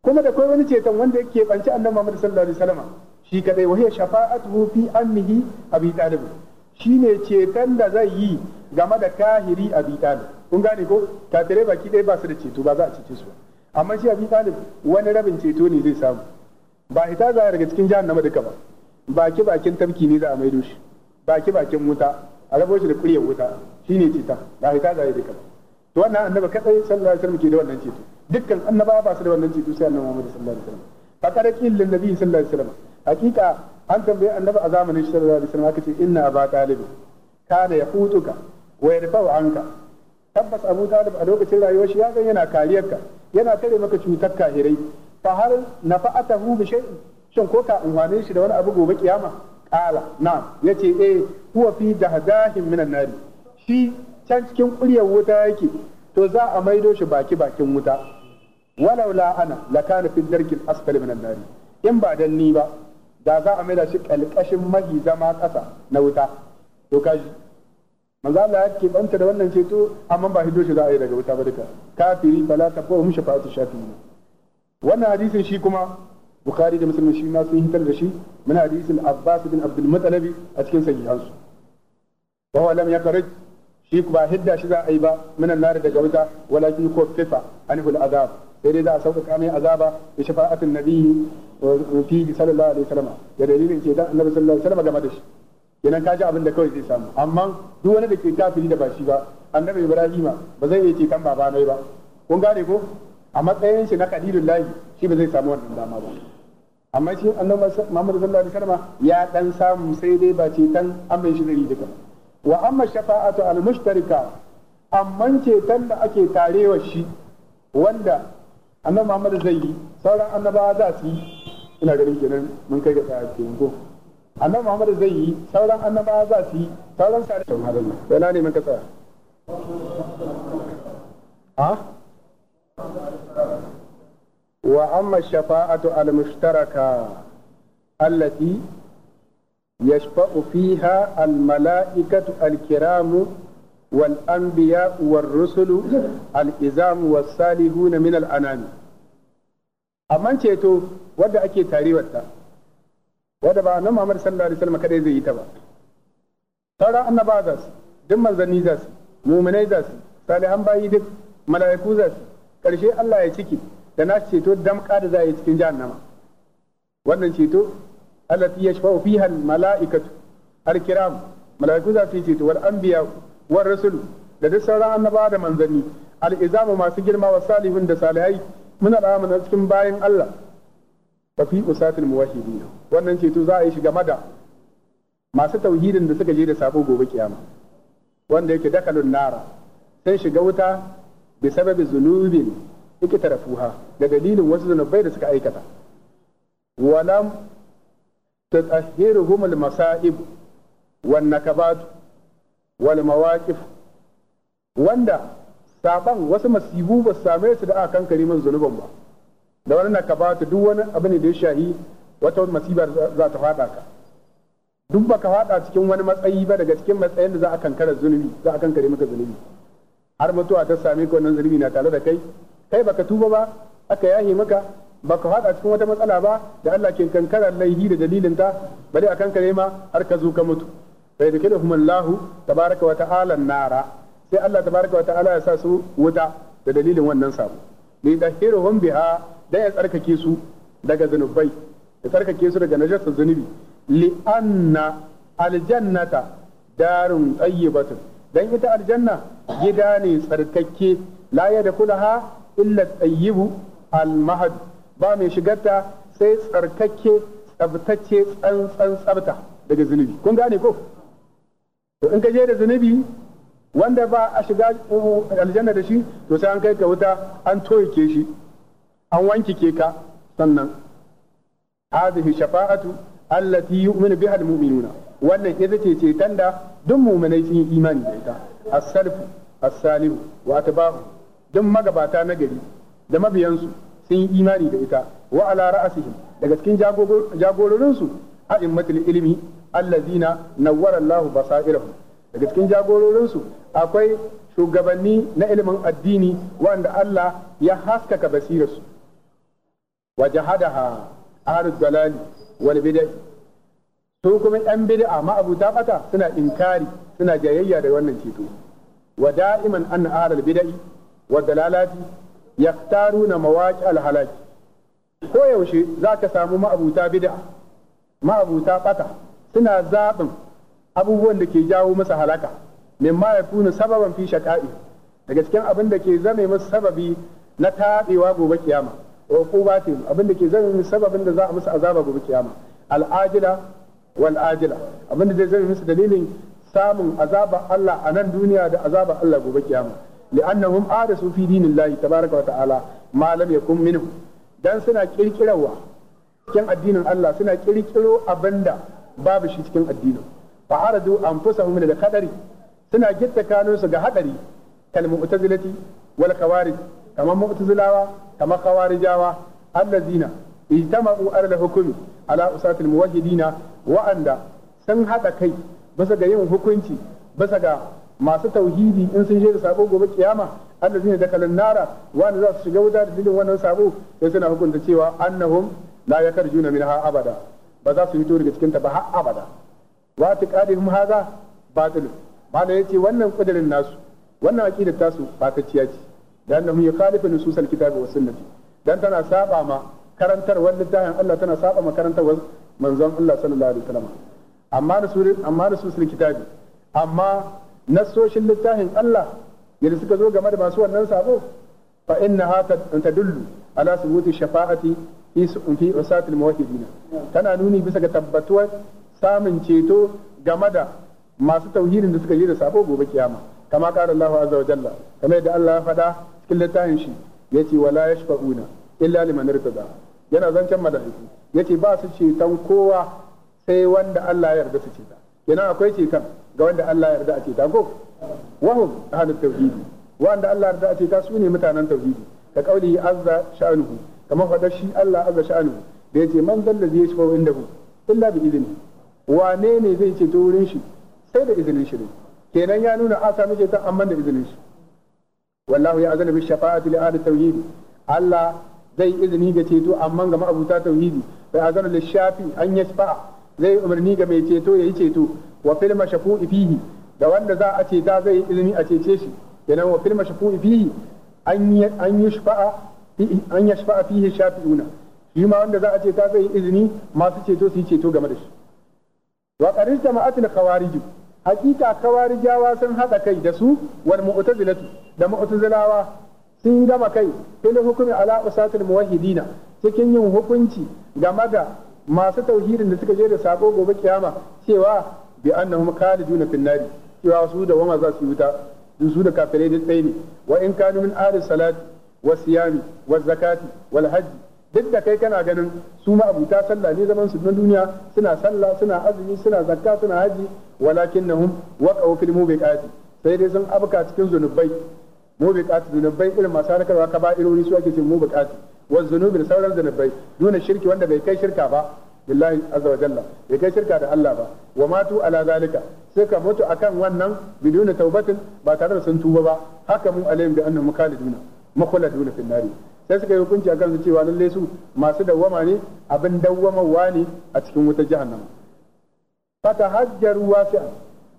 kuma da kai wani ceton wanda yake banci annabi Muhammad sallallahu alaihi wasallam shi kadai wa hiya shafa'atuhu fi ammihi abi talib shine ceton da zai yi game da kahiri abi talib kun gane ko kafirai baki ɗaya ba su da ceto ba za a cece su ba amma shi abi talib wani rabin ceto ne zai samu ba ita za a daga cikin jahannama duka ba baki bakin tafki ne za a maido shi baki bakin wuta a rabo shi da kuryar wuta shine ceta ba ita za a yi duka ba to wannan annaba kadai sallallahu alaihi wasallam ke da wannan ceto dukkan annaba ba su da wannan ceto sai annabi Muhammad sallallahu alaihi wasallam faqarakin lin nabi sallallahu alaihi wasallam hakika an tambaye annabi a zamanin sallallahu alaihi wasallam aka ce inna aba talib kana yahutuka wa yarfa'u anka tabbas Abu Talib a lokacin rayuwar shi ya zan yana kariyarka yana tare maka cutar kahirai fa har nafa'atahu bi shay'in shin ko ka amfane shi da wani abu gobe kiyama qala na'am yace eh huwa fi dahdahin minan nari shi can cikin kuryar wuta yake to za a maido shi baki bakin wuta walau la ana la kana fi darkil asfal minan nari in ba dan ni ba da za a maida shi kalkashin mahi zama kasa na wuta to kaji manzo Allah ya ke banta da wannan ceto amma ba hido shi za a yi daga wuta ba duka kafiri fala taqawhum shafa'atu shafi'in wannan hadisin shi kuma bukhari da muslim shi ma sun hitar da shi min hadisin abbas bin abdul muttalib a cikin sahihansu wa huwa lam yakrij shi ba hidda shi za a yi ba min annar daga wuta walakin kuffifa anhu al'azab sai dai za a sauƙaƙa mai azaba da shafa'atin nabiyyi fi sallallahu alaihi wasallam da dalilin ce da annabi sallallahu alaihi wasallam game da shi kenan ka ji abin da kawai zai samu amma duk wani da ke kafiri da ba shi ba annabi ibrahima ba zai iya kan baba nai ba kun gane ko a matsayin shi na kadilun lahi shi ba zai samu wannan dama ba amma shi annabi Muhammad sallallahu alaihi wasallam ya dan samu sai dai ba tan amma shi zai yi duka wa amma shafa'atu al mushtarika amma tan da ake tarewa shi wanda annabi Muhammad zai yi sauran annabawa za su yi ina ganin kenan mun kai ga tsaya ko annabi Muhammad zai yi sauran annaba za su yi sauran sa da madalla sai na neman ka tsaya a wa amma shafa'atu al-mushtaraka allati yashfa'u fiha al-mala'ikatu al-kiramu والأنبياء والرسل الإزام والصالحون من الأنام أما أنت wadda ake tarewarta wadda ba annabi Muhammad sallallahu alaihi wasallam kadai zai yi ta ba sauran annaba za su duk manzanni za su mu'minai za su salihan bayi duk mala'iku za su karshe Allah ya ciki da na ceto damka da za a yi cikin jahannama wannan ceto allati yashfa'u fiha al-mala'ikatu al-kiram mala'iku za su yi ceto wal anbiya wal rasul da duk sauran annaba da manzanni al-izamu masu girma wa salihun da salihai muna da cikin bayan Allah fa fi muwahhidin wannan ceto za a yi shi game da masu tauhidin da suka je da sabo gobe kiyama wanda yake dakalun nara sai shiga wuta bi sababi zunubin iktarafuha da dalilin wasu zunubai da suka aikata walam wan المصائب wal mawaqif wanda saban wasu masibu ba su same su da akan min zunuban ba da wani ta duk wani abu ne da ya shahi wata masiba za ta fada ka duk baka fada cikin wani matsayi ba daga cikin matsayin da za a kankara zunubi za a kankare maka zunubi har mutuwa ta same ka wannan zunubi na tare da kai kai baka tuba ba aka yahe maka ba ka fada cikin wata matsala ba da Allah ke kankarar laihi da dalilin ta bari a kankare ma har ka zo ka mutu sai da kida ta tabaraka wa ta'ala nara sai Allah tabaraka wa ta'ala ya sa su wuta da dalilin wannan sabo li dahiruhum biha dan ya tsarkake su daga zunubai ya tsarkake su daga najasar zunubi li'anna aljannata darun tsayyibatun dan ita aljanna gida ne tsarkake la da kulaha illa tsayyibu almahad ba mai shigarta sai tsarkake tsabtacce tsantsan tsabta daga zunubi kun gane ko to in ka je da zunubi wanda ba a shiga uh, aljanna da shi to sai an kai ka wuta an toyake shi an wankike ka sannan hadhihi shafa'atu allati yu'minu biha almu'minuna wannan ita ce ce tanda duk mu'minai sun yi imani da ita as-salfu as-salihu wa atba'u duk magabata na gari da mabiyansu sun yi imani da ita wa ala ra'sihim daga cikin jagororinsu a'immatul ilmi allazina nawwara Allahu basairahum daga cikin jagororinsu akwai shugabanni na ilimin addini wanda Allah ya haskaka basirarsu wajahadaha ahlud dalal wal bid'ah su kuma yan bida'a ma abuta bata suna inkari suna jayayya da wannan ceto wa da'iman an ahlul bid'ah wa dalalati yaktaruna mawaqi al halak ko yaushe zaka samu ma'abuta bida'a ma'abuta bata suna zaɓin abubuwan da ke jawo masa halaka ma ya kuna sababan fi shaka'i daga cikin abin da ke zame musu sababi na taɓewa gobe ƙiyama. wa uqubatihim abinda ke zan sababin da za a musu azaba gobe kiyama al'ajila wal ajila abinda zai zama musu dalilin samun azaba Allah a nan duniya da azaba Allah gobe kiyama li'annahum arasu fi dinillahi tabaraka wa ta'ala ma lam yakun minhu dan suna kirkirawa cikin addinin Allah suna ƙirƙiro abinda babu shi cikin addinin fa aradu anfusahum lil qadari suna gitta su ga haɗari kal mu'tazilati wal khawarij kamar mu'tazilawa kamar khawarijawa allazina ijtama'u ala hukumi ala usatil dina wa'anda sun hada kai basa ga yin hukunci basa ga masu tauhidi in sun da sabo gobe kiyama allazina dakalan nara wa'anda za su shiga wuta da dalilin wannan sabo sai suna hukunta cewa annahum la yakarjuna minha abada ba za su fito daga cikin ta ba har abada wa taqadihum hadha batil mana yace wannan kudirin nasu wannan aqidar tasu ta ciyaci. dan nahu yukhalifu nusus alkitabi was sunnati dan tana saba ma karantarwar littafin Allah tana saba ma karantarwar manzon Allah sallallahu alaihi wasallam amma nusul amma nusul kitabi amma nasoshin littafin Allah yadda suka zo game da masu wannan sabo fa innaha tadullu ala subuti shafa'ati fi usatil muwahhidin tana nuni bisa ga tabbatuwar samun ceto game da masu tauhidin da suka yi da sabo gobe kiyama kama qala Allahu azza wa jalla kamar yadda Allah ya faɗa Kille tayin shi ya ce wala ya una illa liman irtada yana zancen mala'iku ce ba su ceton kowa sai wanda Allah ya yarda su ceta kenan akwai ceton ga wanda Allah ya yarda a ceta ko wahum ahlul tauhidi wanda Allah ya yarda a ceta su ne mutanen tauhidi ka kauli azza sha'anuhu kamar fadar shi Allah azza sha'anuhu da ya ce man zalla zai yashfa'u indahu illa bi izini wane ne zai ceto wurin shi sai da izinin shi ne kenan ya nuna a sami ceton amma da izinin shi wallahu ya azana bi shafa'ati li ahli tauhidi Allah zai izini ga ceto amma ga ma'abuta tauhidi bai azana li shafi an yashfa'a zai umarni ga mai ceto yi ceto wa fil mashfu'i fihi da wanda za a ceta zai izini a cece shi kenan wa fil mashfu'i fihi an yashfa'a an yashfa'a fihi shafi'una shi ma wanda za a ceta zai izini masu ceto su ceto game da shi wa qarin hakika kawarijawa sun haɗa kai da su wal mu'tazilatu da mu'tazilawa sun gama kai fil hukumi ala usatil muwahhidina cikin yin hukunci game ga masu tauhidin da suka je da sako gobe kiyama cewa bi annahum khaliduna fil nari cewa su da wama za su wuta duk su da kafirai da tsaye ne wa in kanu min ahli salati wa siyami wa zakati wal hajj duk da kai kana ganin su ma abuta sallah ne zaman su na duniya suna sallah suna azumi suna zakka suna hajji. Walakin walakinnahum waqa'u mu mubiqati sai dai sun abka cikin zunubai mubiqati zunubai irin masu harkarwa irori su ake ce mubiqati wa zunubi da sauran zunubai nuna shirki wanda bai kai shirka ba billahi azza wa jalla bai kai shirka da Allah ba wa matu ala zalika suka mutu akan wannan biduna taubatin ba tare da sun tuba ba haka mun alayhim bi annahum khaliduna makhladuna fil nari sai suka yi hukunci akan su cewa lalle su masu dawwama ne abin dawwamawa ne a cikin wutar jahannama fata hajjar wasi'a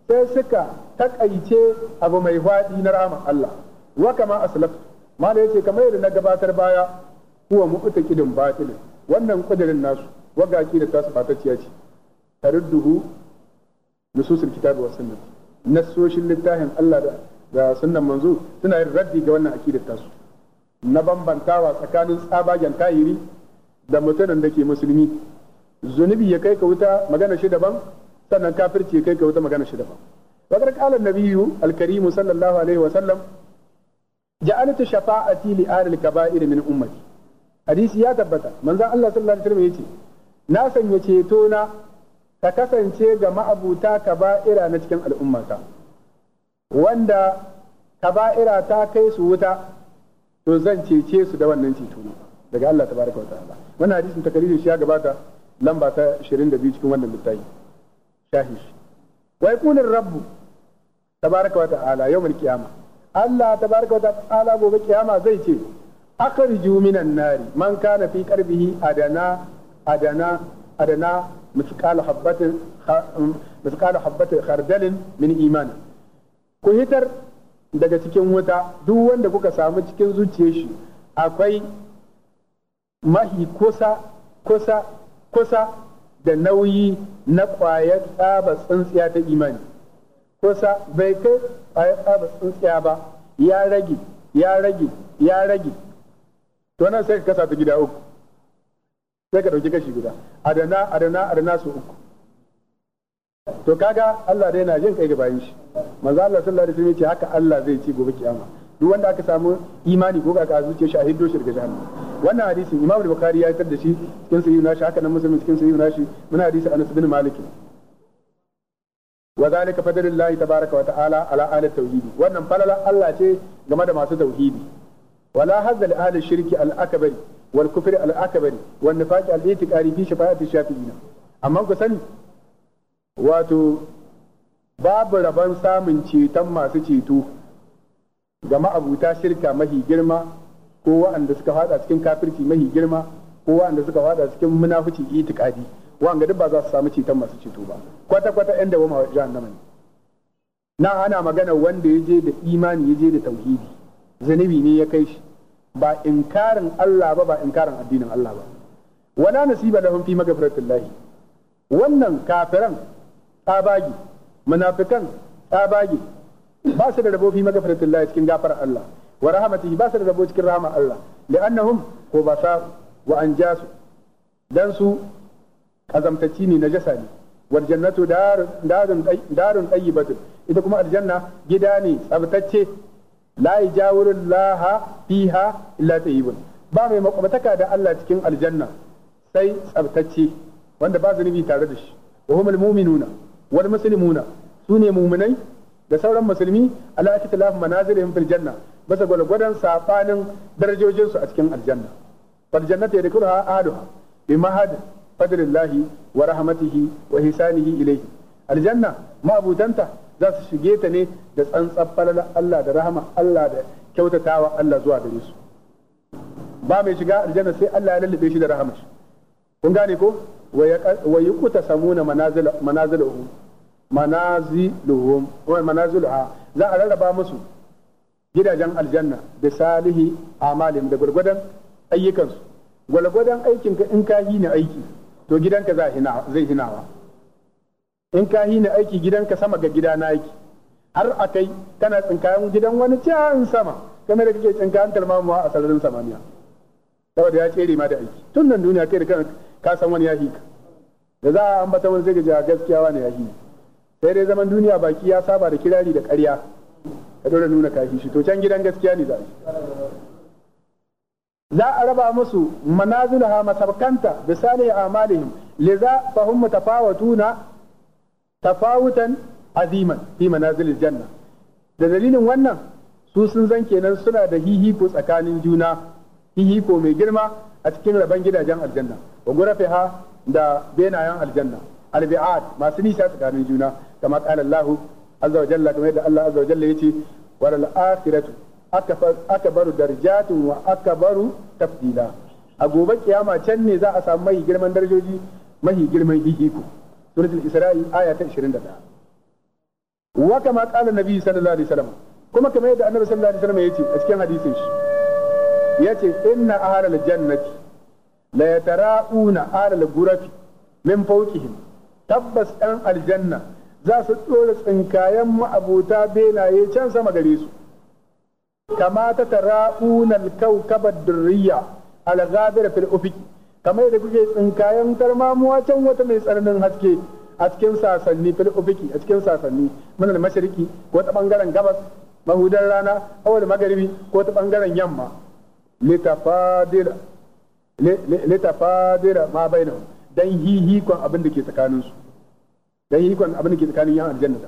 sai suka takaice abu mai faɗi na rahama Allah wa kama aslaf mala yace kamar yadda na gabatar baya huwa kidin batil wannan kudirin nasu Wagaki da tasu batacciya ce tarudduhu nususul kitabi wa sunnah Nasoshin littafin Allah da da sunnan manzo suna yin raddi ga wannan akidar tasu na bambantawa tsakanin tsabagen tayiri da mutanen da ke musulmi zunubi ya kai ka wuta magana shi daban sannan kafirci kai ka wata magana shi daban wakar qala nabiyyu al-karim sallallahu alaihi wa sallam ja'altu shafa'ati li ahli al-kaba'ir min ummati hadisi ya tabbata manzon Allah sallallahu alaihi wasallam yace na sanya ceto na ta kasance ga ma'abuta kaba'ira na cikin al'ummata wanda kaba'ira ta kai su wuta to zan cece su da wannan ceto daga Allah tabaraka wa ta'ala wannan hadisin takariri shi ya gabata lamba ta 22 cikin wannan littafi shahi shi wai kunin rabbu tabaraka wa ta'ala yawmal qiyama Allah tabaraka wa ta'ala gobe kiyama zai ce akhriju minan nari man kana fi qalbihi adana adana adana misqal habatin mm, misqal habatin khardalin min iman ku hitar daga cikin wuta duk wanda kuka samu cikin zuciyar shi akwai mahi kusa kusa kusa da nauyi na ƙwayar tsaba tsintsiya ta imani kusa bai kai ƙwayar tsaba tsintsiya ba ya rage ya rage ya rage to nan sai ka kasa ta gida uku sai ka ɗauki kashi guda adana adana adana su uku to kaga Allah dai na jin kai ga bayan shi manzo Allah sallallahu alaihi wasallam ce haka Allah zai ci gobe kiyama duk wanda aka samu imani ko ka zuciya shi a hiddo shi daga wannan hadisi imam bukhari ya fitar da shi cikin sahihu nashi haka nan muslim cikin sahihu nashi muna hadisi anas bin malik wa zalika fadlullahi tabaaraka wa ta'ala ala ahli tauhid wannan falala Allah ce game da masu tauhidi wala hazza li ahli shirki al akbari wal kufri al akbari wan nifaqi al itiqari fi shafa'ati shafi'ina amma ku sani wato babu rabon samun ceton masu ceto ga ma'abuta shirka mahi girma ko wa'anda suka fada cikin kafirci mahi girma ko wa'anda suka fada cikin munafici itikadi wa'anda duk ba za su samu ceton masu ceto ba kwata kwata yan dawama jahannama ne na ana magana wanda ya je da imani ya je da tauhidi zanibi ne ya kai shi ba inkarin Allah ba ba inkarin addinin Allah ba wala nasiba lahum fi lahi wannan kafiran tsabagi munafikan tsabagi ba su da rabo fi lahi cikin gafarar Allah wa rahmatihi ba su da rabo cikin rahama Allah ko basa wa anjasu dan su kazamtaci ne jasa ne wal jannatu darun darun tayyibatu ita kuma aljanna gida ne tsabtacce la yajawurul laha fiha illa tayyibun ba mai makwabtaka da Allah cikin aljanna sai tsabtacce wanda ba zunubi tare da shi wa humul mu'minuna wal muslimuna sune mu'minai da sauran musulmi ala ikhtilaf manazirihim fil janna bisa gwadon safanin darajojinsu a cikin aljanna fal jannatu yadkhuluha adu bi mahad fadlillahi wa rahmatihi wa hisanihi ilayhi aljanna ma'abutanta za su shige ta ne da tsantsan falala Allah da rahama Allah da kyautatawa Allah zuwa gare su ba mai shiga aljanna sai Allah ya lallabe shi da rahama kun gane ko wa yuquta samuna manaziluhum manaziluhum wa manaziluha za a rarraba musu gidajen aljanna da salihi amalim da gwargwadon ayyukansu gwargwadon aikinka in ka yi ni aiki to gidanka zai hinawa in ka yi ni aiki gidanka sama ga gida na aiki har a kai kana tsinkayen gidan wani can sama kamar da kake tsinkayen talmamuwa a sararin samaniya saboda ya tsere ma da aiki tun nan duniya kai da kan ka san wani ya ka da za a ambata wani sai ga gaskiya wani ya fi sai dai zaman duniya baki ya saba da kirari da ƙarya ka dole nuna kafi shi to can gidan gaskiya ne za za a raba musu ha masabkanta a salih Le za fa mu mutafawatuna tafawutan aziman fi manazilil janna da dalilin wannan su sun zan kenan suna da hihiko tsakanin juna hihiko mai girma a cikin rabon gidajen aljanna wa ha da benayen aljanna albi'at masu nisa tsakanin juna kamar qala Allahu azza wa jalla kamar yadda Allah azza wa jalla yace wal akhiratu akbaru darajatun wa akbaru tafdila a gobe kiyama can ne za a samu mai girman darajoji mahi girman iko suratul isra'i aya ta 21 wa kama qala nabi sallallahu alaihi wasallam kuma kamar yadda annabi sallallahu alaihi wasallam yace a cikin hadisin shi yace inna ahlal jannati la yatara'una ahlal ghurafi min fawqihim tabbas an aljanna za su ɗora tsinkayen ma'abuta benaye can sama gare su kama ta tara kaukabar durriya al-ghabir fil ufiki kamar yadda kuke tsinkayen tarmamuwa can wata mai tsananin haske a cikin sasanni fil ufiki a cikin sasanni min da mashiriki ko ta bangaren gabas mahudar rana awal magaribi ko ta bangaren yamma litafadira litafadira ma bainahum dan hihikon abin da ke tsakaninsu dan kwan abin da ke tsakanin yan aljanna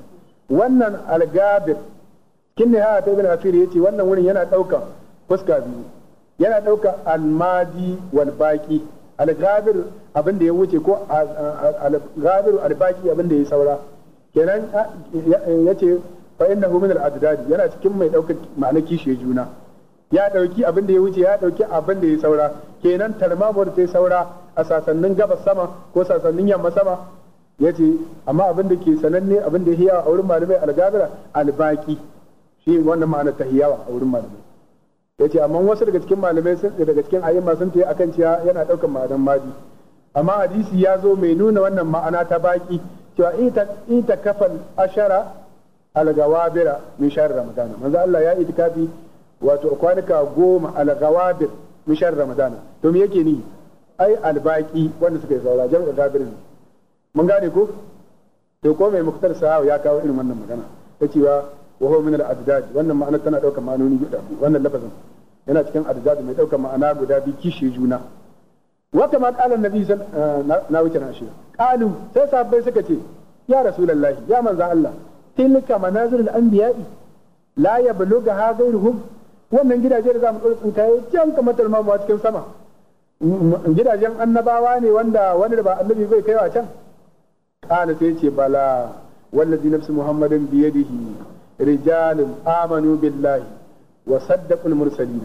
wannan algabir kin ne ha ta ibn asir yace wannan wurin yana dauka fuska biyu yana dauka almadi wal baqi algabir abin da ya wuce ko algabir al baqi abin da ya saura kenan yace fa innahu min al ajdad yana cikin mai daukar ma'ana kishiye juna ya dauki abin da ya wuce ya dauki abin da ya saura kenan tarmamur ta saura a sasannin gaba sama ko sasannin yamma sama Ya ce amma abin da ke sananne abin da hiyawa a wurin malamai algabira albaki shi wannan ma'ana ta hiyawa a wurin malamai Ya ce amma wasu daga cikin malamai sun daga cikin ayyuma sun tayi akan cewa yana daukan ma'anan madi amma hadisi ya zo mai nuna wannan ma'ana ta baki cewa ita ita kafan ashara algawabira min shahr ramadana manzo Allah ya itikafi wato kwanuka goma algawabir min shahr ramadana to me yake ni ai albaki wanda suka yi saura jami'a gabirin mun gane ko to ko mai muktar sahawa ya kawo irin wannan magana ta cewa wa huwa min al-ajdad wannan ma'ana tana daukar ma'anoni guda wannan lafazin yana cikin ajdad mai daukar ma'ana guda biyu kishi juna wa kama qala annabi eh, na wuce na shi qalu sai sahabbai suka ce ya rasulullahi ya manzo Allah tilka manazirul anbiya'i la yablugha ghayruhum wannan gidaje da zamu tsinka yayin can kamar talmamu cikin sama gidajen annabawa ne wanda wani da ba annabi bai kaiwa can sai ce bala wallazi nafsu muhammadin bi yadihi rijalun amanu billahi wa saddaqul mursalin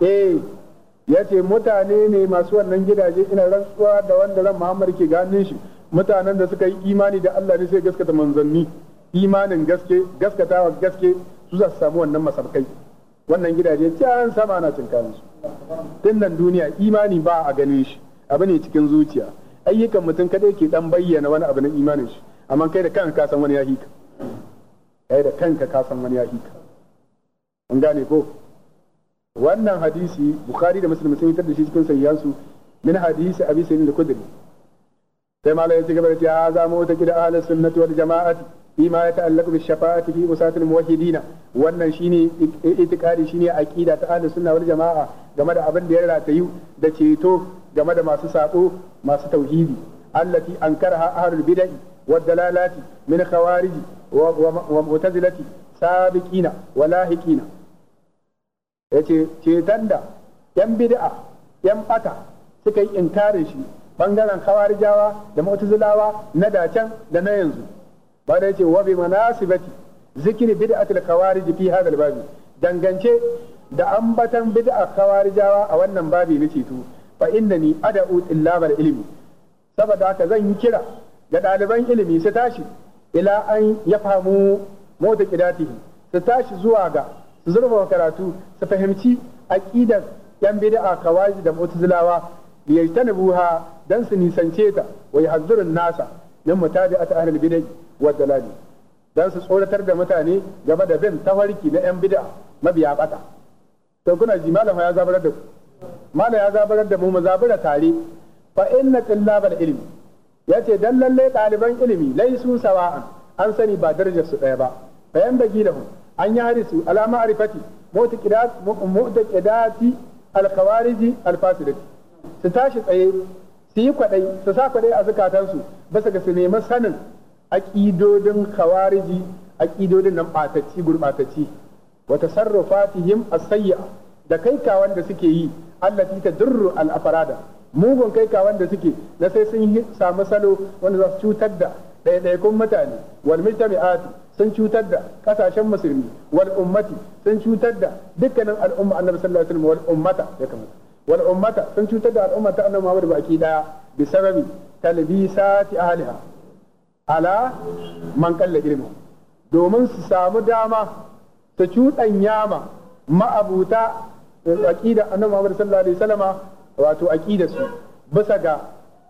eh ya ce mutane ne masu wannan gidaje ina rantsuwa da wanda ran Muhammad ke ganin shi mutanen da suka yi imani da Allah ne sai gaskata manzanni imanin gaske gaskatawa gaske su za su samu wannan masabkai wannan gidaje can sama na cin kansu tun nan duniya imani ba a ganin shi abu ne cikin zuciya ayyukan mutum kadai ke dan bayyana wani abu na imanin shi amma kai da kanka ka san wani ya ka kai da kanka ka san wani ya ka an gane ko wannan hadisi bukhari da muslim sun yi shi cikin su min hadisi abi sayyid al-khudri sai malai ya ci gaba da za mu ta gida ahlus sunnati wal jama'ati فيما يتعلق بالشفاعة في وساة الموحدين وأن شيني اعتقادي شيني أكيدة أهل السنة والجماعة game da abin da ya ratayu da ceto game da masu sako masu tauhidi allati ankaraha ahlul bid'ah wa dalalati min khawarij wa mu'tazilati sabiqina wa lahiqina yace cetan da yan bid'a yan ɓata suka yi inkarin shi bangaren khawarijawa da mu'tazilawa na dacen da na yanzu ba da yace wa bi manasibati zikri bid'atil khawarij fi hadha babi dangance da ambatan bid'a khawarijawa a wannan babi na ceto fa innani ad'u bil ilmi saboda haka zan yi kira ga ɗaliban ilimi su tashi ila an ya fahimu mota kidatihi su tashi zuwa ga su zurfa karatu su fahimci aqidar yan bid'a khawarij da mu'tazilawa liyajtanibuha dan su nisance ta wa yahdhurun nasa min mutabi'ati ahlil bid'ah wa dalali dan su tsoratar da mutane gaba da bin tafarki na yan bid'a mabiya bata to kuna ji malam ya zabarar da ku malama ya zabarar da mu mu zabura tare fa inna tillabal ilmi yace dan lalle ɗaliban ilimi laisu sawa'an an sani ba darajar su ɗaya ba bayan bagi da an yi su ala ma'rifati mu'taqidati al-khawariji al-fasidati su tashi tsaye su yi kwaɗai su sa kwaɗai a zukatansu basa ga su nemi sanin aƙidodin khawariji aƙidodin nan ɓatacci gurɓatacci wa tasarrufatihim as-sayyi'a da kai kawan da suke yi Allah ta tadurru al-afrada mugun kai kawan da suke na sai sun samu salo wanda za su cutar da ɗaiɗaikun mutane wal mujtami'ati sun cutar da kasashen musulmi wal ummati sun cutar da dukkanin al'umma annabi sallallahu alaihi wasallam wal ummata ya kamata wal ummata sun cutar da al'umma ta annabi Muhammad baki daya bi sababi talbisati aliha ala man qalla ilmu domin su samu dama ta cuɗanya ma ma'abuta eh, aqida annabi Muhammad sallallahu alaihi wasallama wato aqida su bisa ga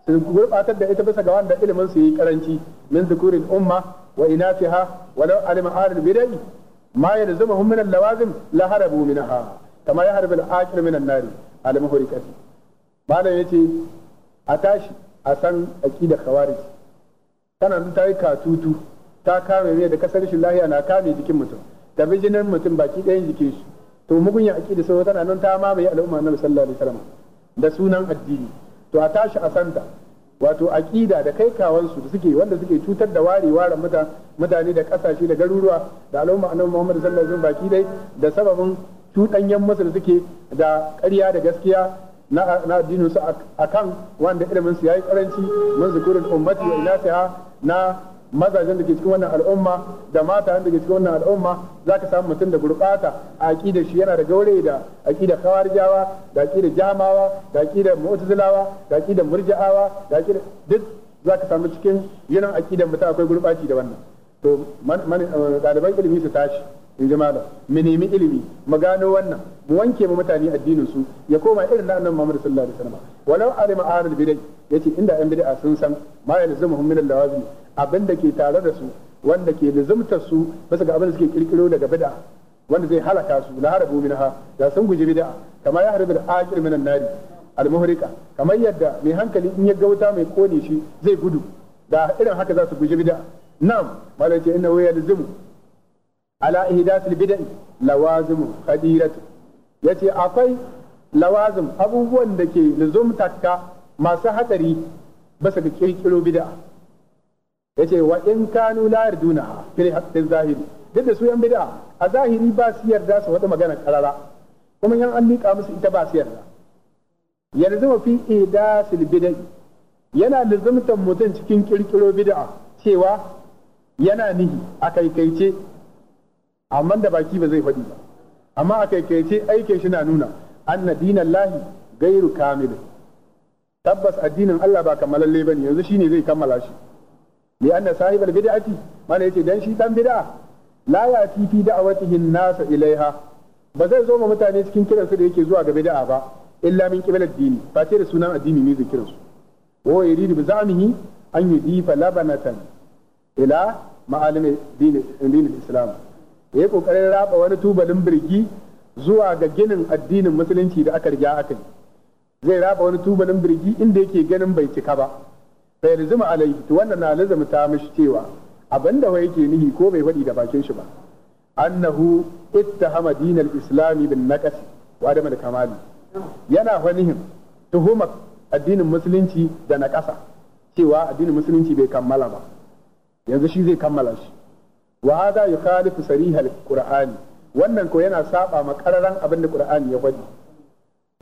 su gurbatar da ita bisa ga wanda ilimin su yi karanci min zukurin umma wa inafiha walau alima ahlul bidai ma yalzamuhum min al-lawazim la harabu minha kama ya harbi al-aqil min an-nar al-muhriqati malam yace a tashi a san aqida khawarij kana ta yi katutu ta kame mai da kasar shi lahiya na kame jikin mutum da bijinar mutum baki ɗayan jikin shi to mugun mugunya aqida sai tana nan ta mamaye al'umma na sallallahu alaihi wasallam da sunan addini to a tashi a santa wato aqida da kai kawansu da suke wanda suke cutar da ware ware mutane da kasashe da garuruwa da al'umma annabi Muhammad sallallahu alaihi baki dai da sababin cuɗanyen musu da suke da ƙarya da gaskiya na na addinin su akan wanda ilimin su yayi karanci mun zikurul ummati wa ilatiha na mazajen da ke cikin wannan al'umma da mata da ke cikin wannan al'umma za ka samu mutum da gurɓata a aƙidar shi yana da gaure da aƙidar kawarijawa da aƙidar jamawa da aƙidar mu'tazilawa da aƙidar murji'awa da aƙidar duk za ka samu cikin yanan aƙidar mutum akwai gurɓaci da wannan to ɗaliban ilimi su tashi in ji malam mu nemi ilimi mu gano wannan mu wanke mu mutane addinin su ya koma irin na annabi Muhammad sallallahu alaihi wasallam walau alima ahlul bidai yace inda ayan bid'a sun san ma hum min al-lawazim abinda ke tare da su wanda ke lazumtar su bisa ga abin da suke kirkiro daga bid'a wanda zai halaka su la harabu minha da sun guji bid'a kamar ya harabu al-aqil min an-nari al-muhrika kamar yadda mai hankali in ya ga wuta mai kone shi zai gudu da irin haka za su guji bid'a na'am malaka ce inna wa yalzumu ala ihdathil bid'i lawazim qadiratu yace akwai lawazim abubuwan da ke luzumtatta masu hatsari basa ga kirkiro bid'a yace wa in kanu la yarduna fil haqqi zahiri duk da su yan bid'a a zahiri ba su yarda su wata magana karara kuma yan an liƙa musu ita ba su yarda yanzu fi ihdathil bid'i yana luzumtan mutum cikin kirkiro bid'a cewa yana nihi a kaikaice amma da baki ba zai faɗi ba amma a kaikaice aikin shi na nuna anna lahi gairu kamil tabbas addinin Allah ba kammalalle bane yanzu shine zai kammala shi li anna sahibal bid'ati mana yace dan shi dan bid'a la yati fi da'watihin nasa ilaiha ba zai zo ma mutane cikin kiransu da yake zuwa ga bid'a ba illa min qibal addini ba ce da sunan addini ne zai kiransu wa yuridu bi zamihi an yudifa labanatan ila ma'alim din islam ya yi kokarin raba wani tubalin birki zuwa ga ginin addinin musulunci da aka riga aka yi zai raba wani tubalin birki inda yake ganin bai cika ba bai rizuma alaihi to wannan na ta mishi cewa abinda wa yake nihi ko bai faɗi da bakin shi ba annahu ittahama dinal islami bin naqasi wa adam kamali yana fanihin tuhumar addinin musulunci da naƙasa cewa addinin musulunci bai kammala ba yanzu shi zai kammala shi wa hadha yukhalifu sarihal qur'ani wannan ko yana saba ma kararan abin da qur'ani ya faɗi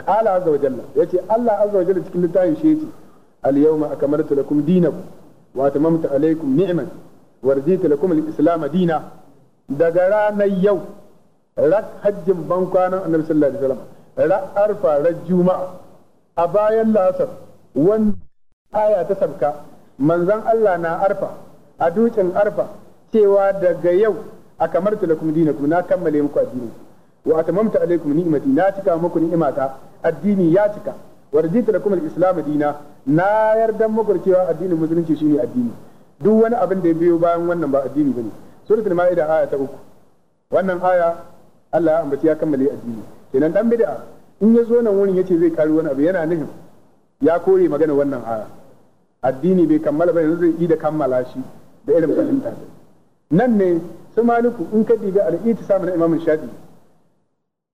qala azza wa jalla yace Allah azza wa jalla cikin littafin shi yace al yawma akmaltu lakum dinakum wa atamamtu alaykum ni'man wa raditu lakum al islam dina daga ranar yau rak hajjin ban kwanan annabi sallallahu alaihi wasallam ra arfa ra juma'a a bayan lasar wannan aya ta sabka manzon Allah na arfa a dutsen arfa cewa daga yau a kamar dina kuma na kammale muku addini wa atamamtu alaikum ni'mati na cika muku ni'imata addini ya cika wa raditu lakum al-islam dina na yarda muku cewa addinin musulunci shine addini duk wani abin da ya biyo bayan wannan ba addini bane suratul maida aya ta uku wannan aya Allah ya ambaci ya kammale addini kenan dan bid'a in ya zo nan wurin yace zai kari wani abu yana nufin ya kore magana wannan aya addini bai kammala ba yanzu zai yi da kammala shi da irin fahimta nan ne su maliku in ka diga al'iti samun imamin shafi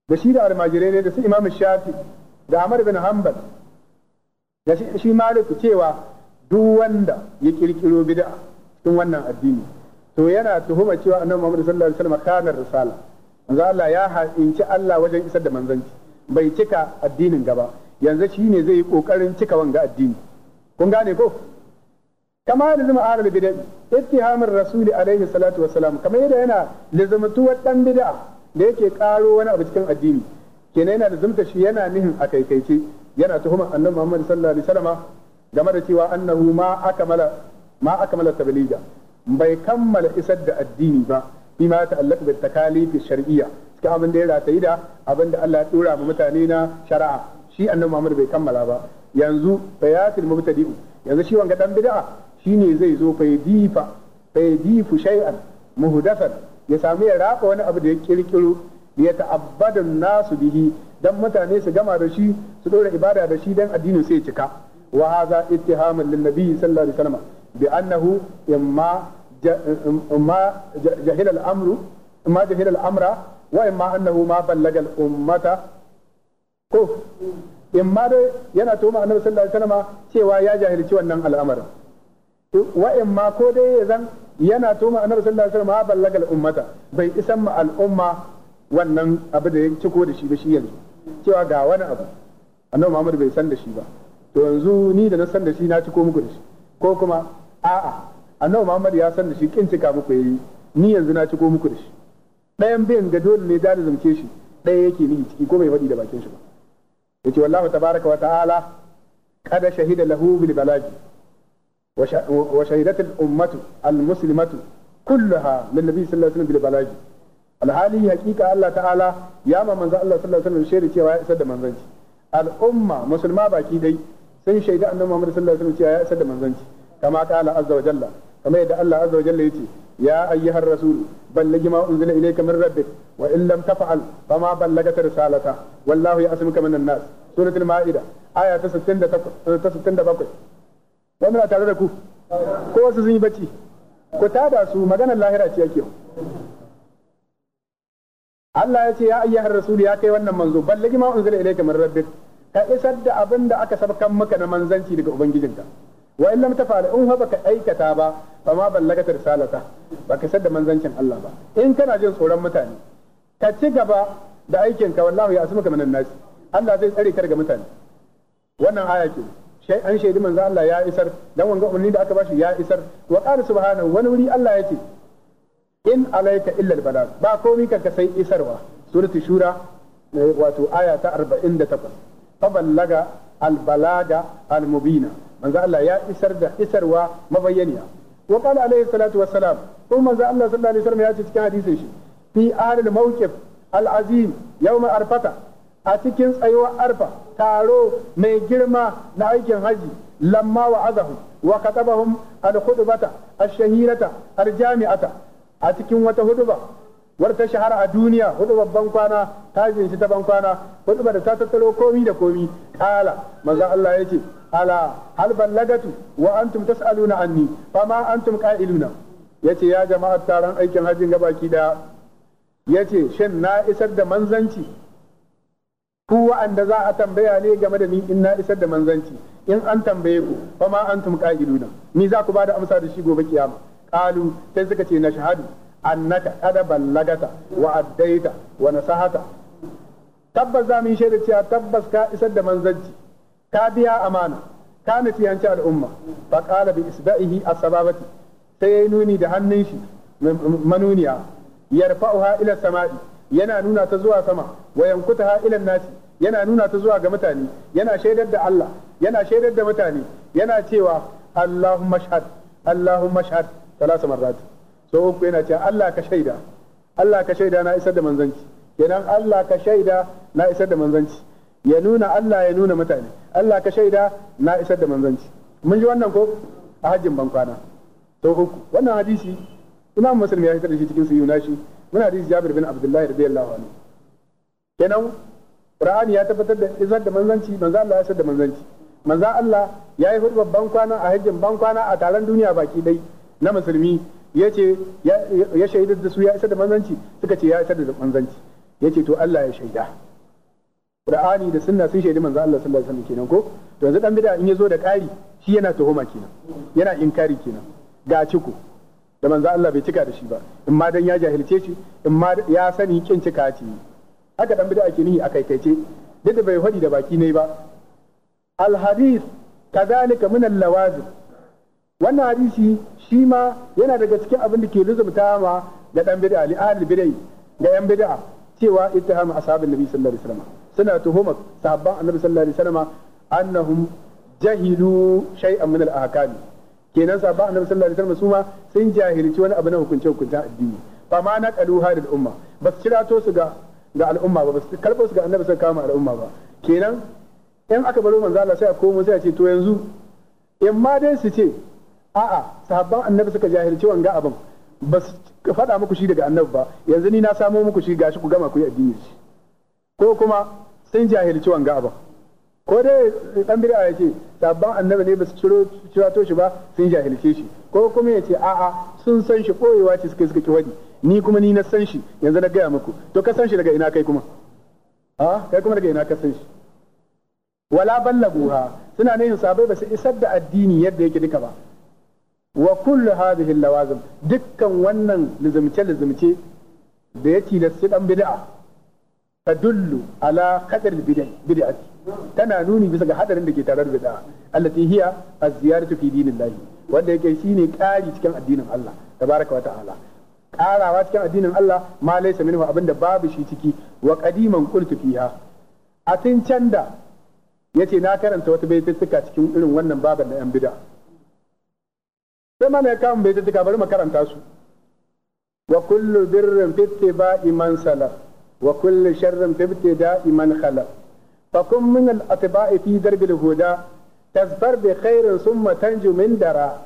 da shi da almajirai ne da su imamin shafi da amar bin hanbal da shi maliku cewa duk wanda ya kirkiro bid'a cikin wannan addini to yana tuhuma cewa annabi Muhammad sallallahu alaihi wasallam kanar risala manzo Allah ya haɗinci Allah wajen isar da manzanci bai cika addinin gaba yanzu shi ne zai yi kokarin cika wanga addini kun gane ko kama da zama alal bid'a ittihamar rasuli alaihi salatu wassalam kamar yadda yana lazumtuwar dan bid'a da yake karo wani abu cikin addini kenan yana lazumta shi yana nihin a kaikaice yana tuhumar annabi Muhammad sallallahu alaihi wasallam game da cewa annahu ma akmala ma akmala bai kammala isar da addini ba bima ta'allaqu bit takalif shar'iyya cikin abin da ya ratayi da abin da Allah ya dora ma mutane na shari'a shi annabi Muhammad bai kammala ba yanzu bayatul mubtadi'u yanzu shi wanga dan bid'a shine zai zo fa yadifa fa yadifu shay'an muhdathan ya sami ya raba wani abu da ya kirkiro ya ta'abbada nasu bihi dan mutane su gama da shi su dora ibada da shi dan addinin sai ya cika wa hadha ittihamun lin nabi sallallahu alaihi wasallam bi annahu imma imma jahil al amru imma jahil al amra wa imma annahu ma ballaga al ummata ko imma dai yana tuma annabi sallallahu alaihi wasallam cewa ya jahilci wannan al'amarin wa imma ko dai ya zan yana tuma annabi sallallahu alaihi wasallam ballaga al'ummata bai isan ma al'umma wannan abu da ya ciko da shi ba shi yanzu cewa ga wani abu annabi Muhammad bai san da shi ba to yanzu ni da na san da shi na ciko muku da shi ko kuma a'a annabi Muhammad ya san da shi kin cika muku yi ni yanzu na ciko muku da shi ɗayan biyan ga dole ne da zumke shi ɗaya yake nihi ciki ko bai faɗi da bakin shi ba yace wallahu tabaraka wa ta'ala kada shahida lahu bil balaji وشهدت الأمة المسلمة كلها للنبي صلى الله عليه وسلم بالبلاغ alhali hakika Allah ta'ala ya ma manzo Allah sallallahu alaihi wasallam shaida cewa ya isar da manzanci al'umma musulma baki dai sun shaida annabi Muhammad sallallahu alaihi wasallam cewa ya isar da manzanci kama qala azza wa jalla kama yadda Allah azza wa jalla yace ya ayyuhar rasul balligh ma unzila ilayka kamar rabbik wa in lam taf'al fama ballagta risalata wallahu ya'simuka minan nas suratul ma'ida aya Wannan muna tare da ku ko wasu sun yi bacci ku tada su maganar lahira ce yake Allah ya ce ya ayyuhar rasul ya kai wannan manzo ballagi ma unzila ilayka min rabbik ka isar da abin da aka sabkan maka na manzanci daga ubangijinka wa in lam tafa'al in ha baka aikata ba fa ma ballagata risalata baka isar da manzancin Allah ba in kana jin tsoron mutane ka ci gaba da aikinka wallahi ya asmuka minan nasi Allah zai tsare ka daga mutane wannan aya ke an shaidi manzo Allah ya isar dan wanga umarni da aka bashi ya isar wa qala subhanahu wani wuri Allah yace in alayka illa albalagh ba komai ka sai isarwa suratu shura eh, wato aya ta 48 faballaga albalaga almubina manzo Allah ya isar da isarwa mabayyaniya wa qala alayhi salatu wassalam ko manzo Allah sallallahu alaihi wasallam ya ce cikin hadisin shi fi ahlil mawqif alazim yawm arfata a cikin tsayuwar arfa taro mai girma na aikin haji lamma wa azahu wa katabahum al-khutbata ash-shahirata al-jami'ata a cikin wata huduba war ta shahara a duniya hudubar bankwana ta shi ta bankwana hudubar da ta tattaro komi da komi kala manzo Allah yace ala hal ballagatu wa antum tasaluna anni ma antum qailuna yace ya jama'a taron aikin hajjin gabaki da yace shin na isar da manzanci ku wa'anda za a tambaya ne game da ni in na isar da manzanci in an tambaye ku fa ma antum qa'iluna ni za ku bada amsa da shi gobe kiyama qalu sai suka ce na shahadu annaka qad ballagata wa addaita wa nasahata tabbas za mu yi shaida cewa tabbas ka isar da manzanci ka biya amana ka yanci al'umma fa qala bi isba'ihi as-sababati sai ya nuni da hannun shi manuniya yarfa'uha ila sama'i yana nuna ta zuwa sama wa yankutaha ila nasi yana nuna ta zuwa ga mutane yana shaidar da Allah yana shaidar da mutane yana cewa Allahumma shahad Allahumma shahad talata marrat so uku yana cewa Allah ka shaida Allah ka shaida na isar da manzanci kenan Allah ka shaida na isar da manzanci ya nuna Allah ya nuna mutane Allah ka shaida na isar da manzanci mun ji wannan ko a hajjin bankwana to uku wannan hadisi imam muslim ya fitar da shi cikin sahihu nashi muna da Jabir bin Abdullahi radiyallahu anhu kenan Qur'ani ya tabbatar da izar da manzanci manzo Allah ya da manzanci manzo Allah ya yi hudu ban kwana a hajjin ban kwana a taron duniya baki dai na musulmi yace ya shaidar da su ya isar da manzanci suka ce ya isar da manzanci yace to Allah ya shaida Qur'ani da sunna sun shaida manzo Allah sallallahu alaihi wasallam kenan ko to yanzu dan bid'a in ya zo da ƙari shi yana tuhuma kenan yana inkari kenan ga ciko da manzo Allah bai cika da shi ba in ma dan ya jahilce shi in ma ya sani kin cika ce. haka dan bid'a ke nihi a kaikaice duk da bai hadi da baki ne ba al hadith kazalika min al lawazim wannan hadisi shi ma yana daga cikin abin da ke luzumta ma ga dan bid'a li ahli bidai ga yan bid'a cewa ittiham ashabin nabi sallallahu alaihi wasallam suna tuhumar sahabban annabi sallallahu alaihi wasallam annahum jahilu shay'an min al ahkami kenan ba annabi sallallahu alaihi wasallam su ma sun jahilci wani abu na hukunce hukunta addini fa ma na qalu hadil umma bas kirato su ga ga al'umma ba bas kalbo su ga annabi sai kama al'umma ba kenan in aka baro manzo Allah sai a komo sai a ce to yanzu in ma dai su ce a'a sahabban annabi suka jahilci wanga abin ba su faɗa muku shi daga annabi ba yanzu ni na samo muku shi gashi ku gama ku yi addini ko kuma sun jahilci wanga abin ko dai dan bid'a yake sabban annabi ne basu ciro ciro shi ba sun jahilce shi ko kuma yace a a'a sun san shi koyewa ce suka suka ki ni kuma ni na san shi yanzu na gaya muku to ka san shi daga ina kai kuma a kai kuma daga ina ka san shi wala ballaguha suna ne sabai basu isar da addini yadda yake duka ba wa kullu hadhihi lawazim dukkan wannan lizumce lizumce da ya su dan bid'a tadullu ala qadar bid'ati tana nuni bisa ga hadarin da ke tare da da'a allati hiya az-ziyaratu fi dinillahi wanda yake shine kari cikin addinin Allah tabaraka wa ta'ala ƙarawa cikin addinin Allah ma laysa minhu abinda babu shi ciki wa qadiman qultu fiha a tun can da yace na karanta wata baitattuka cikin irin wannan baban na yan bid'a sai ma mai kamun baitattuka bari mu karanta su wa kullu birrin fi ba'i man salaf wa kullu sharrin fi ibtida'i man khalaf فكن من الأطباء في درب الهدى تزفر بخير ثم تنجو من درا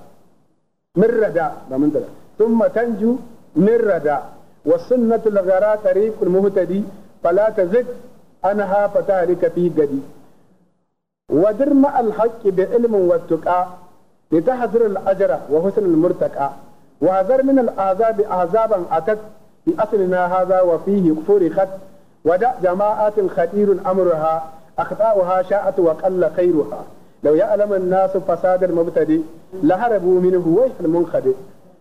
من ردى من درا ثم تنجو من ردى والسنة الغراء طريق المهتدي فلا تزد أنها فتهلك في قدي ودر مع الحق بعلم والتقى لتحذر الأجر وحسن المرتقى وهذر من العذاب عذابا أتت بأصلنا هذا وفيه فرخت wada jama'atin khatirun amruha akhta'uha sha'atu wa qalla khairuha law ya'lamu an-nasu fasadal mubtadi la harabu minhu wa al munqadi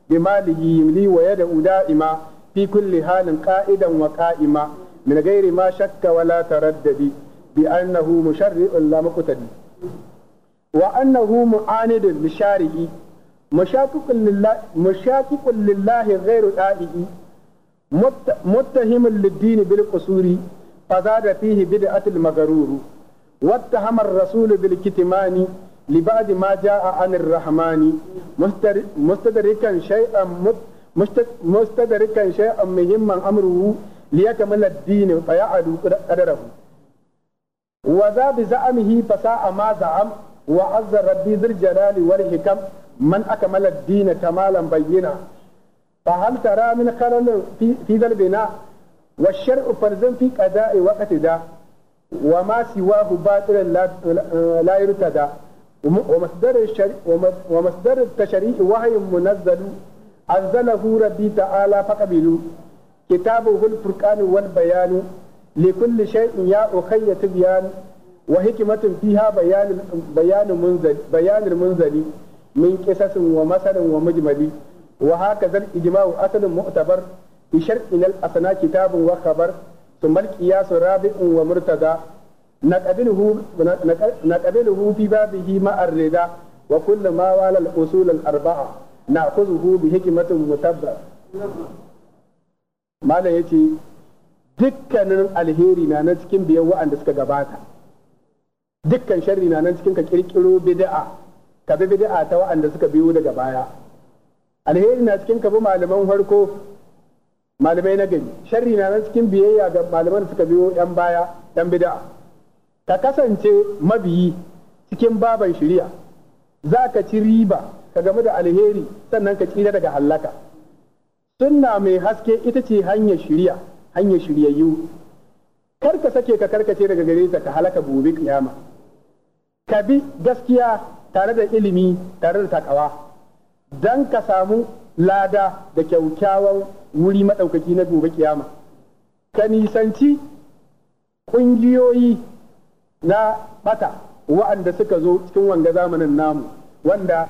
bima yimli wa yada da'ima fi kulli halin qa'idan wa qa'ima min ghairi ma shakka wa la taraddadi bi annahu musharri'un la muqtadi wa annahu mu'anidun li shari'i mushaqiqun lillahi mushaqiqun lillahi ghairu da'i'i متهم للدين بالقصور فزاد فيه بدعة المغرور واتهم الرسول بالكتمان لبعد ما جاء عن الرحمن مستدركا شيئا مستدركا شيئا مهما أمره ليكمل الدين فيعد قدره وذا بزعمه فساء ما زعم وعز ربي ذي الجلال والحكم من أكمل الدين كمالا بينا فهل ترى من خلل في في ذا البناء والشرع فرز في قضاء وقت ذا وما سواه باطل لا لا يرتدى ومصدر الشرع ومصدر التشريع وحي منزل أنزله ربي تعالى فقبلوا كتابه الفرقان والبيان لكل شيء يا أخي تبيان وحكمة فيها بيان بيان منزل بيان المنزل من قصص ومثل ومجمل وهكذا الإجماع أصل معتبر بشرط من الأسنى كتاب وخبر ثم القياس رابع ومرتدى نقبله نقبله في بابه مع الرضا وكل ما والى الأصول الأربعة نأخذه بحكمة متبعة ماذا يتي dukkanin alheri na nan cikin biyan wa'anda suka gabata dukkan sharri na nan cikin ka kirkiro bid'a ka bi bid'a ta wa'anda suka biyo daga baya alheri na cikin ka bi malaman farko malamai na gari sharri na nan cikin biyayya ga malaman suka biyo yan baya yan bid'a ka kasance mabiyi cikin baban shari'a za ka ci riba ka gamu da alheri sannan ka tsira daga hallaka sunna mai haske ita ce hanyar shari'a hanyar shiryayyu kar ka sake ka karkace daga gare ta ka halaka gobe kiyama ka bi gaskiya tare da ilimi tare da takawa dan ka samu lada da kyaukyawan wuri maɗaukaki na gobe kiyama ka nisanci ƙungiyoyi na ɓata wa'anda suka zo cikin wanga zamanin namu wanda